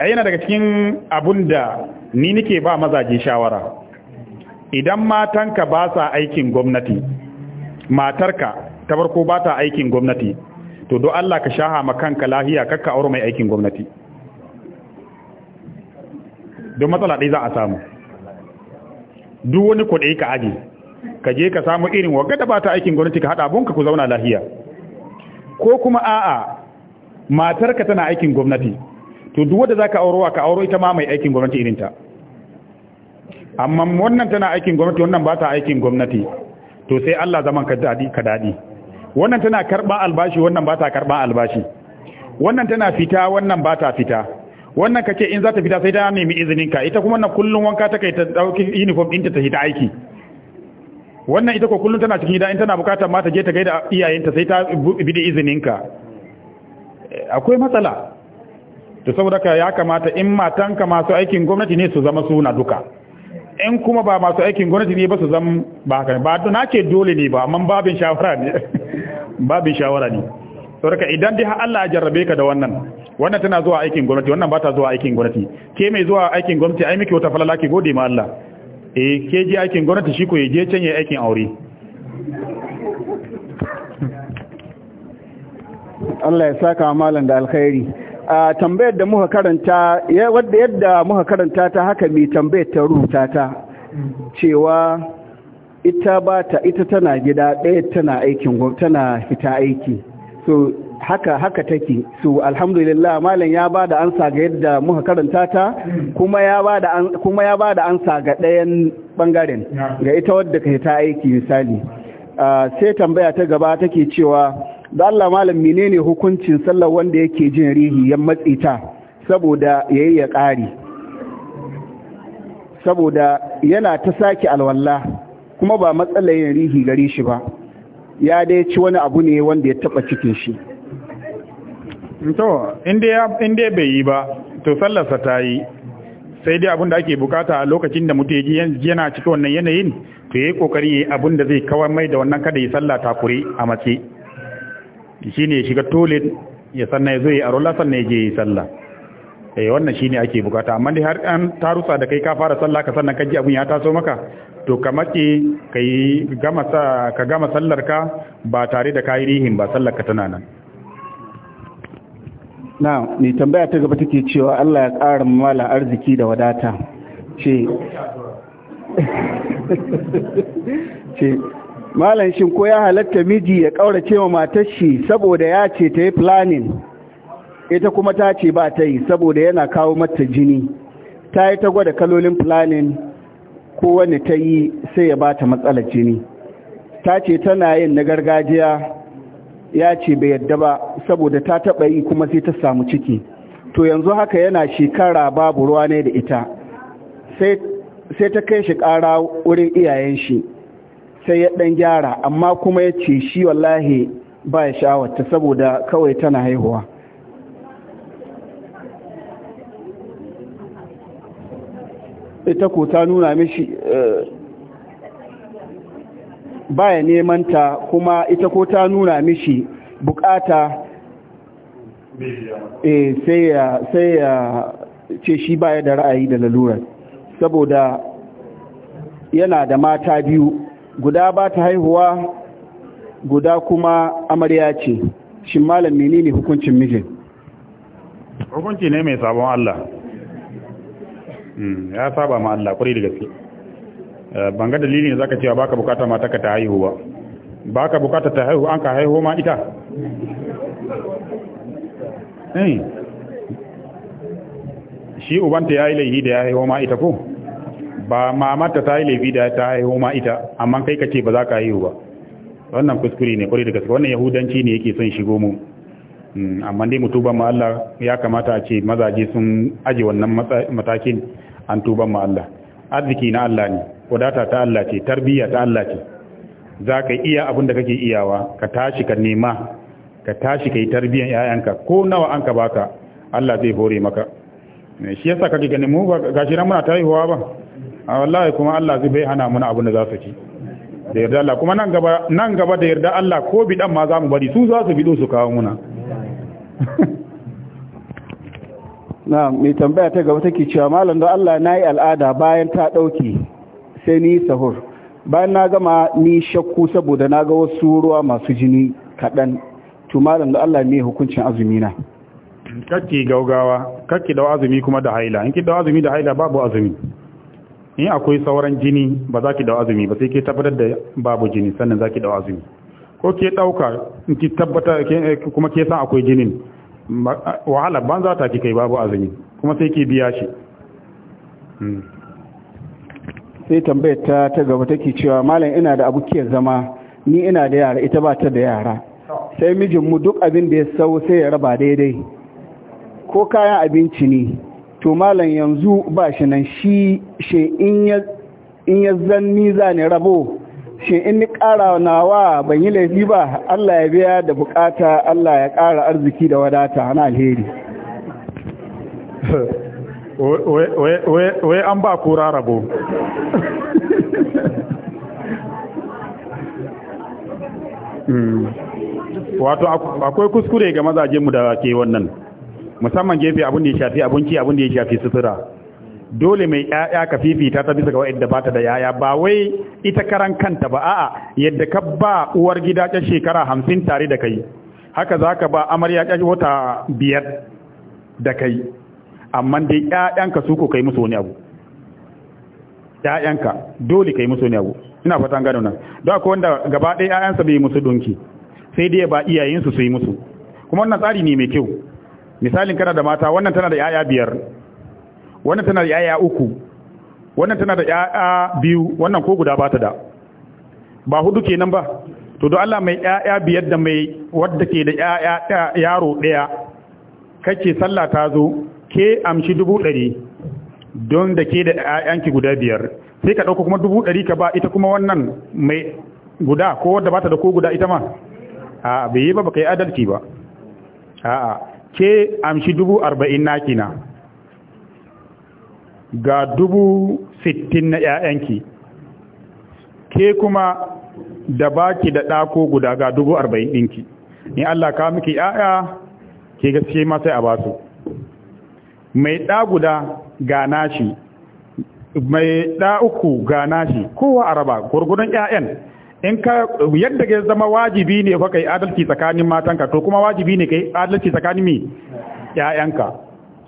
Speaker 2: eh yana daga cikin abunda ni nike ba mazaje shawara idan matanka ba sa aikin gwamnati matarka ta farko ba ta aikin gwamnati to don Allah ka shaha ma kanka lahiya kakka aure mai aikin gwamnati don matsala ɗai za a samu duk wani kuɗi ka aji ka je ka samu irin wa gada ba ta aikin gwamnati ka haɗa abunka ku zauna lahiya ko kuma a'a matarka tana aikin gwamnati to duk wanda zaka auro ka auro ita ma mai aikin gwamnati irinta ta amma wannan tana aikin gwamnati wannan ba ta aikin gwamnati to sai Allah zaman ka daɗi ka daɗi wannan tana karba albashi wannan ba ta karba albashi wannan tana fita wannan ba ta fita wannan kace in za ta fita sai ta nemi izinin ka ita kuma wannan kullun wanka ta kai ta dauki uniform din ta hita aiki wannan ita ko kullun tana cikin gida in tana bukatar ma ta je ta gaida iyayenta sai ta bi izinin ka akwai matsala to saboda ka ya kamata in matanka masu aikin gwamnati ne su zama suna duka in kuma ba masu aikin gwamnati ne ba su zan ba haka ba na ce dole ne ba amma babin shawara ne babin shawara ne sauraka idan dai Allah ya jarrabe ka da wannan wannan tana zuwa aikin gwamnati wannan ba ta zuwa aikin gwamnati ke mai zuwa aikin gwamnati ai miki wata falala ki gode ma Allah eh ke je aikin gwamnati shi ko ya je can aikin aure Allah ya saka
Speaker 3: malam da alkhairi tambayar da muka karanta wadda yadda muka karanta ta haka mai tambayar ta rubuta ta cewa ita ba ta ita tana gida ɗaya tana aikin gwamnati tana fita aiki so haka haka take so alhamdulillah malam ya ba da ansa ga yadda muka karanta ta kuma ya ba da kuma ya ba da ansa ga ɗayan bangaren ga ita wadda ka ta aiki misali sai tambaya ta gaba take cewa da Allah malam menene hukuncin sallar wanda yake jin rihi ya matsita saboda yayi ya ƙari saboda yana ta sake alwalla kuma ba matsalar yin rihi gare shi ba ya dai ci wani abu ne wanda ya taba cikin shi
Speaker 2: to inda bai yi ba to sallarsa ta yi sai dai abin da ake bukata a lokacin da mutum ji yana cikin wannan yanayin to ya yi kokari abinda da zai kawar mai da wannan kada ya sallata kure a matse shi ya shiga toilet ya sannan ya zo ya arola sannan ya je yi sallah eh wannan ne ake bukata amma da har an tarusa da kai ka fara sallah ka sannan kaji abin ya taso maka to ka mace ka yi gama ka gama sallar ka ba tare da kayi rihin ba sallar ka tana nan
Speaker 3: na ni tambaya ta gaba take cewa Allah ya ƙara mala arziki da wadata ce malam shin ko ya halatta miji ya ƙaurace wa matar shi saboda ya ce ta yi planning ita kuma ta ce ba ta yi saboda yana kawo mata jini ta yi ta gwada kalolin planning ko wani ta yi sai ya ba ta matsalar jini ta ce tana yin na gargajiya ya ce bai yadda ba saboda ta taɓa yi kuma sai ta samu ciki to yanzu haka yana shekara babu ruwa ne da ita sai ta kai shi ƙara wurin iyayen shi sai ya ɗan gyara amma kuma ya ce shi wallahi ba ya sha'awarta saboda kawai tana haihuwa ita ko ta nuna mishi eh, baya neman ta kuma ita ko ta nuna mishi bukata eh, sai ya ce shi baya da ra'ayi da lalurar saboda yana da mata biyu guda ba ta haihuwa guda kuma amarya ce shi malam menene hukuncin mijin
Speaker 2: hukunci ne mai sabon Allah hmm, ya saba ma Allah kuri da gaske eh, ban ga dalilin da zaka cewa baka bukata mata ka ta haihuwa. ba baka bukata ta haihu an ka haihu ma ita eh. shi ubanta ya yi laihi da ya haihu ma ita ko ba mamata ta yi laifi da ta haihu ma ita amma kai ka ce ba za ka haihu ba wannan kuskure ne kwarai da gaske wannan yahudanci ne yake son shigo mu hmm, amma dai mu tuba ma Allah ya kamata a ce mazaje sun aje wannan matakin an tuba ma Allah arziki na Allah ne wadata ta Allah ce tarbiyya ta Allah ce za ka iya abin da kake iyawa ka tashi ka nema ka tashi ka yi tarbiyyar 'ya'yanka ko nawa an ka baka Allah zai hore maka eh, shi yasa kake ganin mu ba gashi nan muna ta haihuwa ba a wallahi kuma Allah zai bai hana muna abin da za su ci da yarda Allah kuma nan gaba nan gaba da yarda Allah ko bidan ma za mu bari su za su bido su kawo muna na mai
Speaker 3: tambaya ta gaba take cewa malam don Allah na yi al'ada bayan ta ɗauki sai ni sahur bayan na gama ni shakku saboda na ga wasu ruwa masu jini kaɗan to malam don Allah ne hukuncin azumi na
Speaker 2: kakki gaugawa kakki da azumi kuma da haila in ki dawo azumi da haila babu azumi in akwai sauran jini ba za ki dau azumi ba sai ke tabbatar da babu jini sannan za ki dau azumi ko ke in ki tabbata kuma ke san akwai jinin wahala ban za ta ki kai babu azumi kuma sai ki biya shi hmm.
Speaker 3: sai tambayar ta ta gaba take cewa malam ina da abukiyar zama ni ina da yara ita ba ta da yara sai mijin mu duk abin da ya sau sai ya raba daidai ko kayan abinci ne to malam yanzu ba shi nan shi shi in ya zanni za ne rabo shi in ni ƙara nawa ban yi laifi ba Allah ya biya da bukata Allah ya ƙara arziki da wadata
Speaker 2: na alheri wai an ba kura rabo hmm. wato akwai kuskure ga mazajenmu da ke wannan musamman gefe abin da ya shafi abinci abin da ya shafi sutura dole mai ƴaƴa ka fifita ta bisa ga wadda ba ta da ƴaƴa ba wai ita karan kanta ba a'a yadda ka ba uwar gida ta shekara hamsin tare da kai haka za ka ba amarya ƙyaƙi wata biyar da kai amma dai ƴaƴanka su ko kai musu wani abu ƴaƴanka dole kai musu wani abu ina fatan gano nan don akwai wanda gaba ɗaya ƴaƴansa bai musu dunki sai dai ba iyayensu su yi musu kuma wannan tsari ne mai kyau misalin kana da mata wannan tana da yaya biyar wannan tana da yaya uku wannan tana da yaya biyu wannan ko guda bata da ba hudu kenan ba to don Allah mai yaya biyar da mai wadda ke da yaya yaro daya kake sallah ta zo ke amshi dubu ɗari don da ke da yayanki guda biyar sai ka ɗauka kuma dubu ɗari ka ba ita kuma wannan mai guda ko wadda bata da ko guda ita ma a bai yi ba ba ka yi adalci ba a'a ke amshi dubu arba'in nakina ga dubu sittin na 'ya'yanki ke kuma da baki da ɗako guda ga dubu arba'in ɗinki in Allah ka miki 'ya'ya ke gaske masai a basu mai ɗa guda ga nashi mai ɗa uku ga nashi kowa a raba gurgudan 'ya'yan in ka yadda ka zama wajibi ne fa kai adalci tsakanin matanka to kuma wajibi ne kai adalci tsakanin mi ƴaƴanka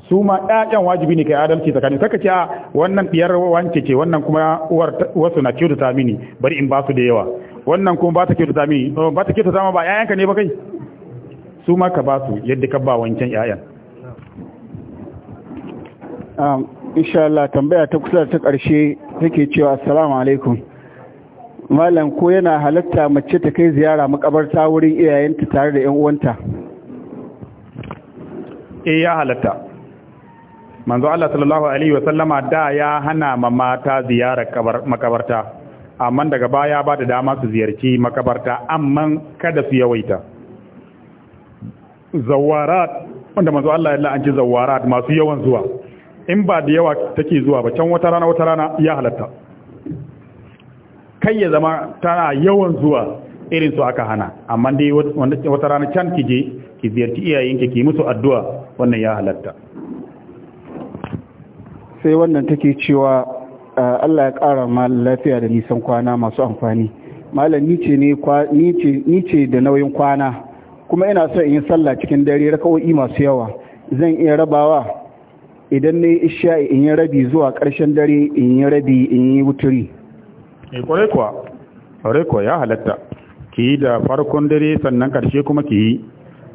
Speaker 2: su ma ƴaƴan wajibi ne kai adalci tsakanin saka ce wannan biyar wance ce wannan kuma uwar wasu na kyautata mini bari in ba su da yawa wannan kuma ba ta kyautata mini ba ta kyautata ma ba ƴaƴanka ne ba kai su ma ka ba su yadda ka ba wancan ƴaƴan um insha Allah tambaya ta kusa
Speaker 3: ta ƙarshe take cewa assalamu alaikum malam ko yana halatta mace ta kai ziyara makabarta wurin iyayenta tare da 'yan uwanta
Speaker 2: eh ya halatta manzo Allah sallallahu alaihi wasallama da ya hana ma mata ziyara makabarta amma daga baya ba da dama su ziyarci makabarta amma kada su yawaita zawarat wanda manzo Allah ya la'anci zawarat masu yawan zuwa in ba da yawa take zuwa ba can wata rana wata rana ya halatta kai ya zama tana yawan zuwa irin su aka hana amma dai wata rana can ki je ki ziyarci iyayenki ki musu addu'a wannan ya halatta
Speaker 3: sai wannan take cewa ah, Allah ya ƙara ma lafiya da nisan kwana masu amfani malam ni ce ni ce da nauyin kwana kuma ina so in yi sallah cikin dare raka'o'i masu yawa zan iya rabawa idan na isha isha'i in yi rabi zuwa ƙarshen dare in yi rabi in yi wuturi
Speaker 2: mai e, kwarai kuwa kwarai kuwa ya halatta ki yi da farkon dare sannan karshe kuma ki yi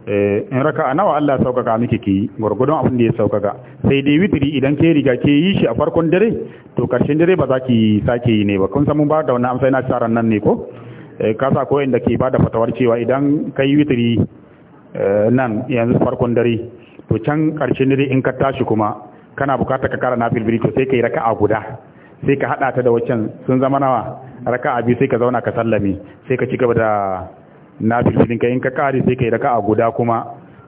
Speaker 2: e, in raka a nawa Allah saukaka miki ki yi gwargwadon abin da ya saukaka sai dai witiri idan ke riga ke yi shi a farkon dare to karshen dare ba za ki sake yi ne ba kun samun ba da wani amsa yana tsaron nan ne ko e, kasa ko inda ke ba da fatawar cewa idan ka yi witiri nan yanzu farkon dare to can karshen dare in ka tashi kuma kana bukatar ka kara na filfili to sai ka yi raka a guda sai ka hada ta da waccan sun zama nawa raka'a biyu sai ka zauna ka sallame sai ka ci gaba da nafilfilin ka in ka kare sai ka yi raka'a guda kuma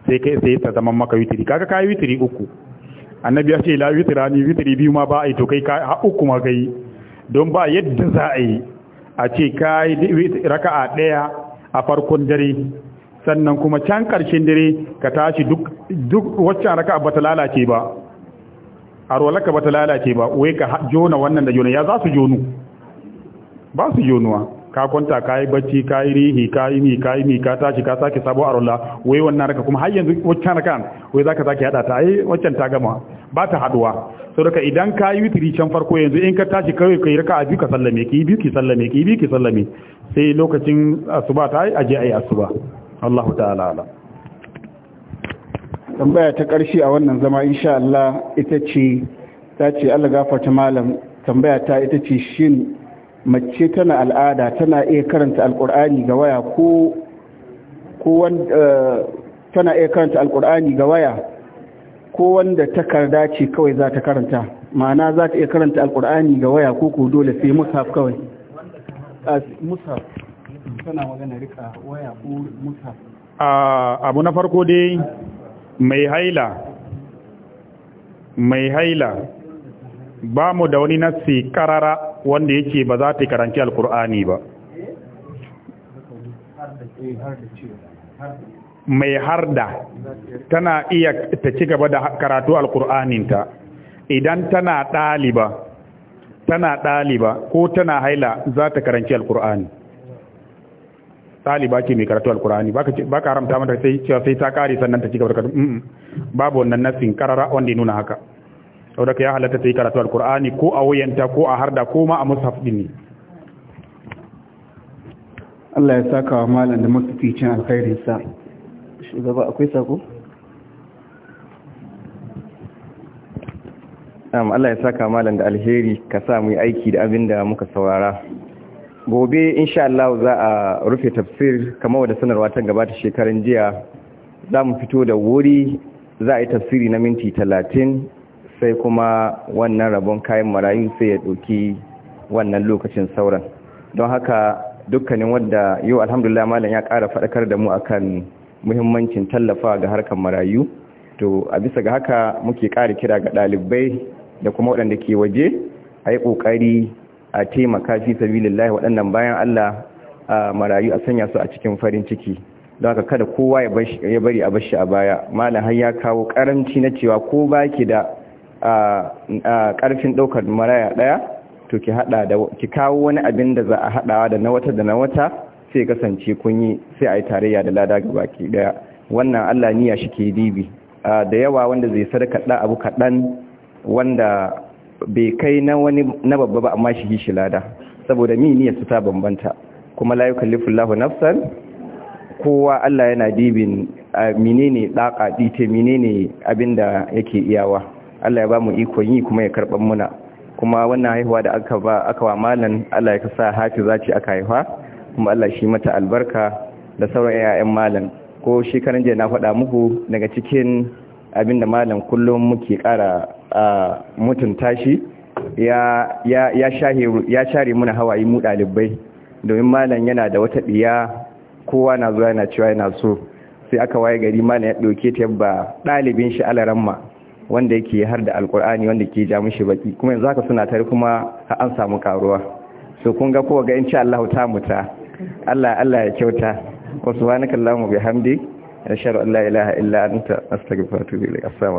Speaker 2: sai ka sai ta zama maka witiri kaga kai witiri uku annabi ya ce la witira ni witiri biyu ma ba a yi to kai ka uku ma kai don ba yadda za a yi a ce kai raka'a daya a farkon dare sannan kuma can karshen dare ka tashi duk duk waccan raka'a ba ta lalace ba arwalaka bata lalace ba wai ka jona wannan da jona ya za su jonu ba su jonuwa ka kwanta ka yi bacci ka yi rihi ka yi mi ka yi mi ka tashi ka sake sabo arwala wai wannan raka kuma har yanzu waccan raka wai za ka sake hada ta ai waccan ta gama ba ta haduwa sau daga idan ka yi witiri can farko yanzu in ka tashi kawai ka yi raka a biyu ka sallame ki biyu ki sallame ki biyu ki sallame sai lokacin asuba ta yi aje a yi asuba Allahu ta'ala
Speaker 3: tambaya ta ƙarshe a wannan zama insha Allah ita ce ta ce Allah gafarta malam tambaya ta ita ce shin mace tana al'ada tana iya karanta alƙur'ani ga waya ko ko eh, tana iya karanta alƙur'ani ga waya ko wanda takarda ce kawai za ta karanta ma'ana za ta iya karanta
Speaker 2: alƙur'ani ga waya ko ko dole sai mushaf kawai
Speaker 3: mushaf tana magana rika waya ko mushaf
Speaker 2: ah, abu na farko dai mai haila mai haila ba mu da wani nassi karara wanda yake ba za ta karanci alkur'ani ba mai harda tana iya ta ci gaba da karatu alkur'aninta idan tana ɗaliba tana ɗaliba ko tana haila za ta karanci alkur'ani ba ce mai karatu alkur'ani ba ka haramta mata sai cewa sai ta kare sannan ta ci gaba da karatu babu wannan nassin karara wanda ya nuna haka saboda ya halatta ta yi karatu alkur'ani ko a wuyanta ko a harda ko ma a mushaf din ne Allah
Speaker 3: ya saka wa malam da mafificin alkhairin sa shugaba akwai sako
Speaker 5: Allah ya saka malam da alheri ka sa mu yi aiki da abin da muka saurara gobe insha Allah za a rufe tafsir kamar wadda sanarwa ta gabata shekarun jiya za mu fito da wuri za a yi tafsiri na minti talatin sai kuma wannan rabon kayan marayu sai ya ɗauki wannan lokacin sauran don haka dukkanin wadda yau alhamdulillah malam ya ƙara faɗakar da mu akan muhimmancin tallafa ga harkar marayu to a bisa ga haka muke ƙara kira ga ɗalibai da kuma waɗanda ke waje a yi ƙoƙari a taimaka fi sabilillahi waɗannan bayan Allah a marayu a sanya su a cikin farin ciki don haka kada kowa ya bari a bashi a baya malam har ya kawo karanci na cewa ko ba ki da karfin ɗaukar maraya ɗaya, to ki hada da ki kawo wani abin da za a hadawa da na wata da na wata sai kasance kun yi sai a yi tarayya da lada ga baki daya wannan Allah niyya shi ke dibi da yawa wanda zai sadaka da abu kaɗan wanda bai kai na wani na babba ba amma shi shi lada saboda mi ni ta bambanta kuma la yukallifu Allahu nafsan kowa Allah yana dibin a minene daka dite menene abinda yake iyawa Allah ya ba mu iko yi kuma ya karban muna kuma wannan haihuwa da aka ba aka wa malan Allah ya kasa hafiza ce aka haifa kuma Allah shi mata albarka da sauran yayan malan ko shekaran jiya na faɗa muku daga cikin abinda malam kullum muke ƙara mutunta shi ya share muna hawaye mu ɗalibai domin malam yana da wata ɗiya kowa na zuwa yana cewa yana so sai aka waye gari malam ya ɗauke ta yabba ɗalibin shi alaramma wanda yake har da alkur'ani wanda ke ja mushi baki kuma yanzu haka suna tare kuma an samu karuwa so kun ga kowa ga ci Allah ta muta Allah Allah ya kyauta wa subhanakallahumma bihamdi ashhadu an la ilaha illa anta astaghfiruka
Speaker 4: wa atubu ilayk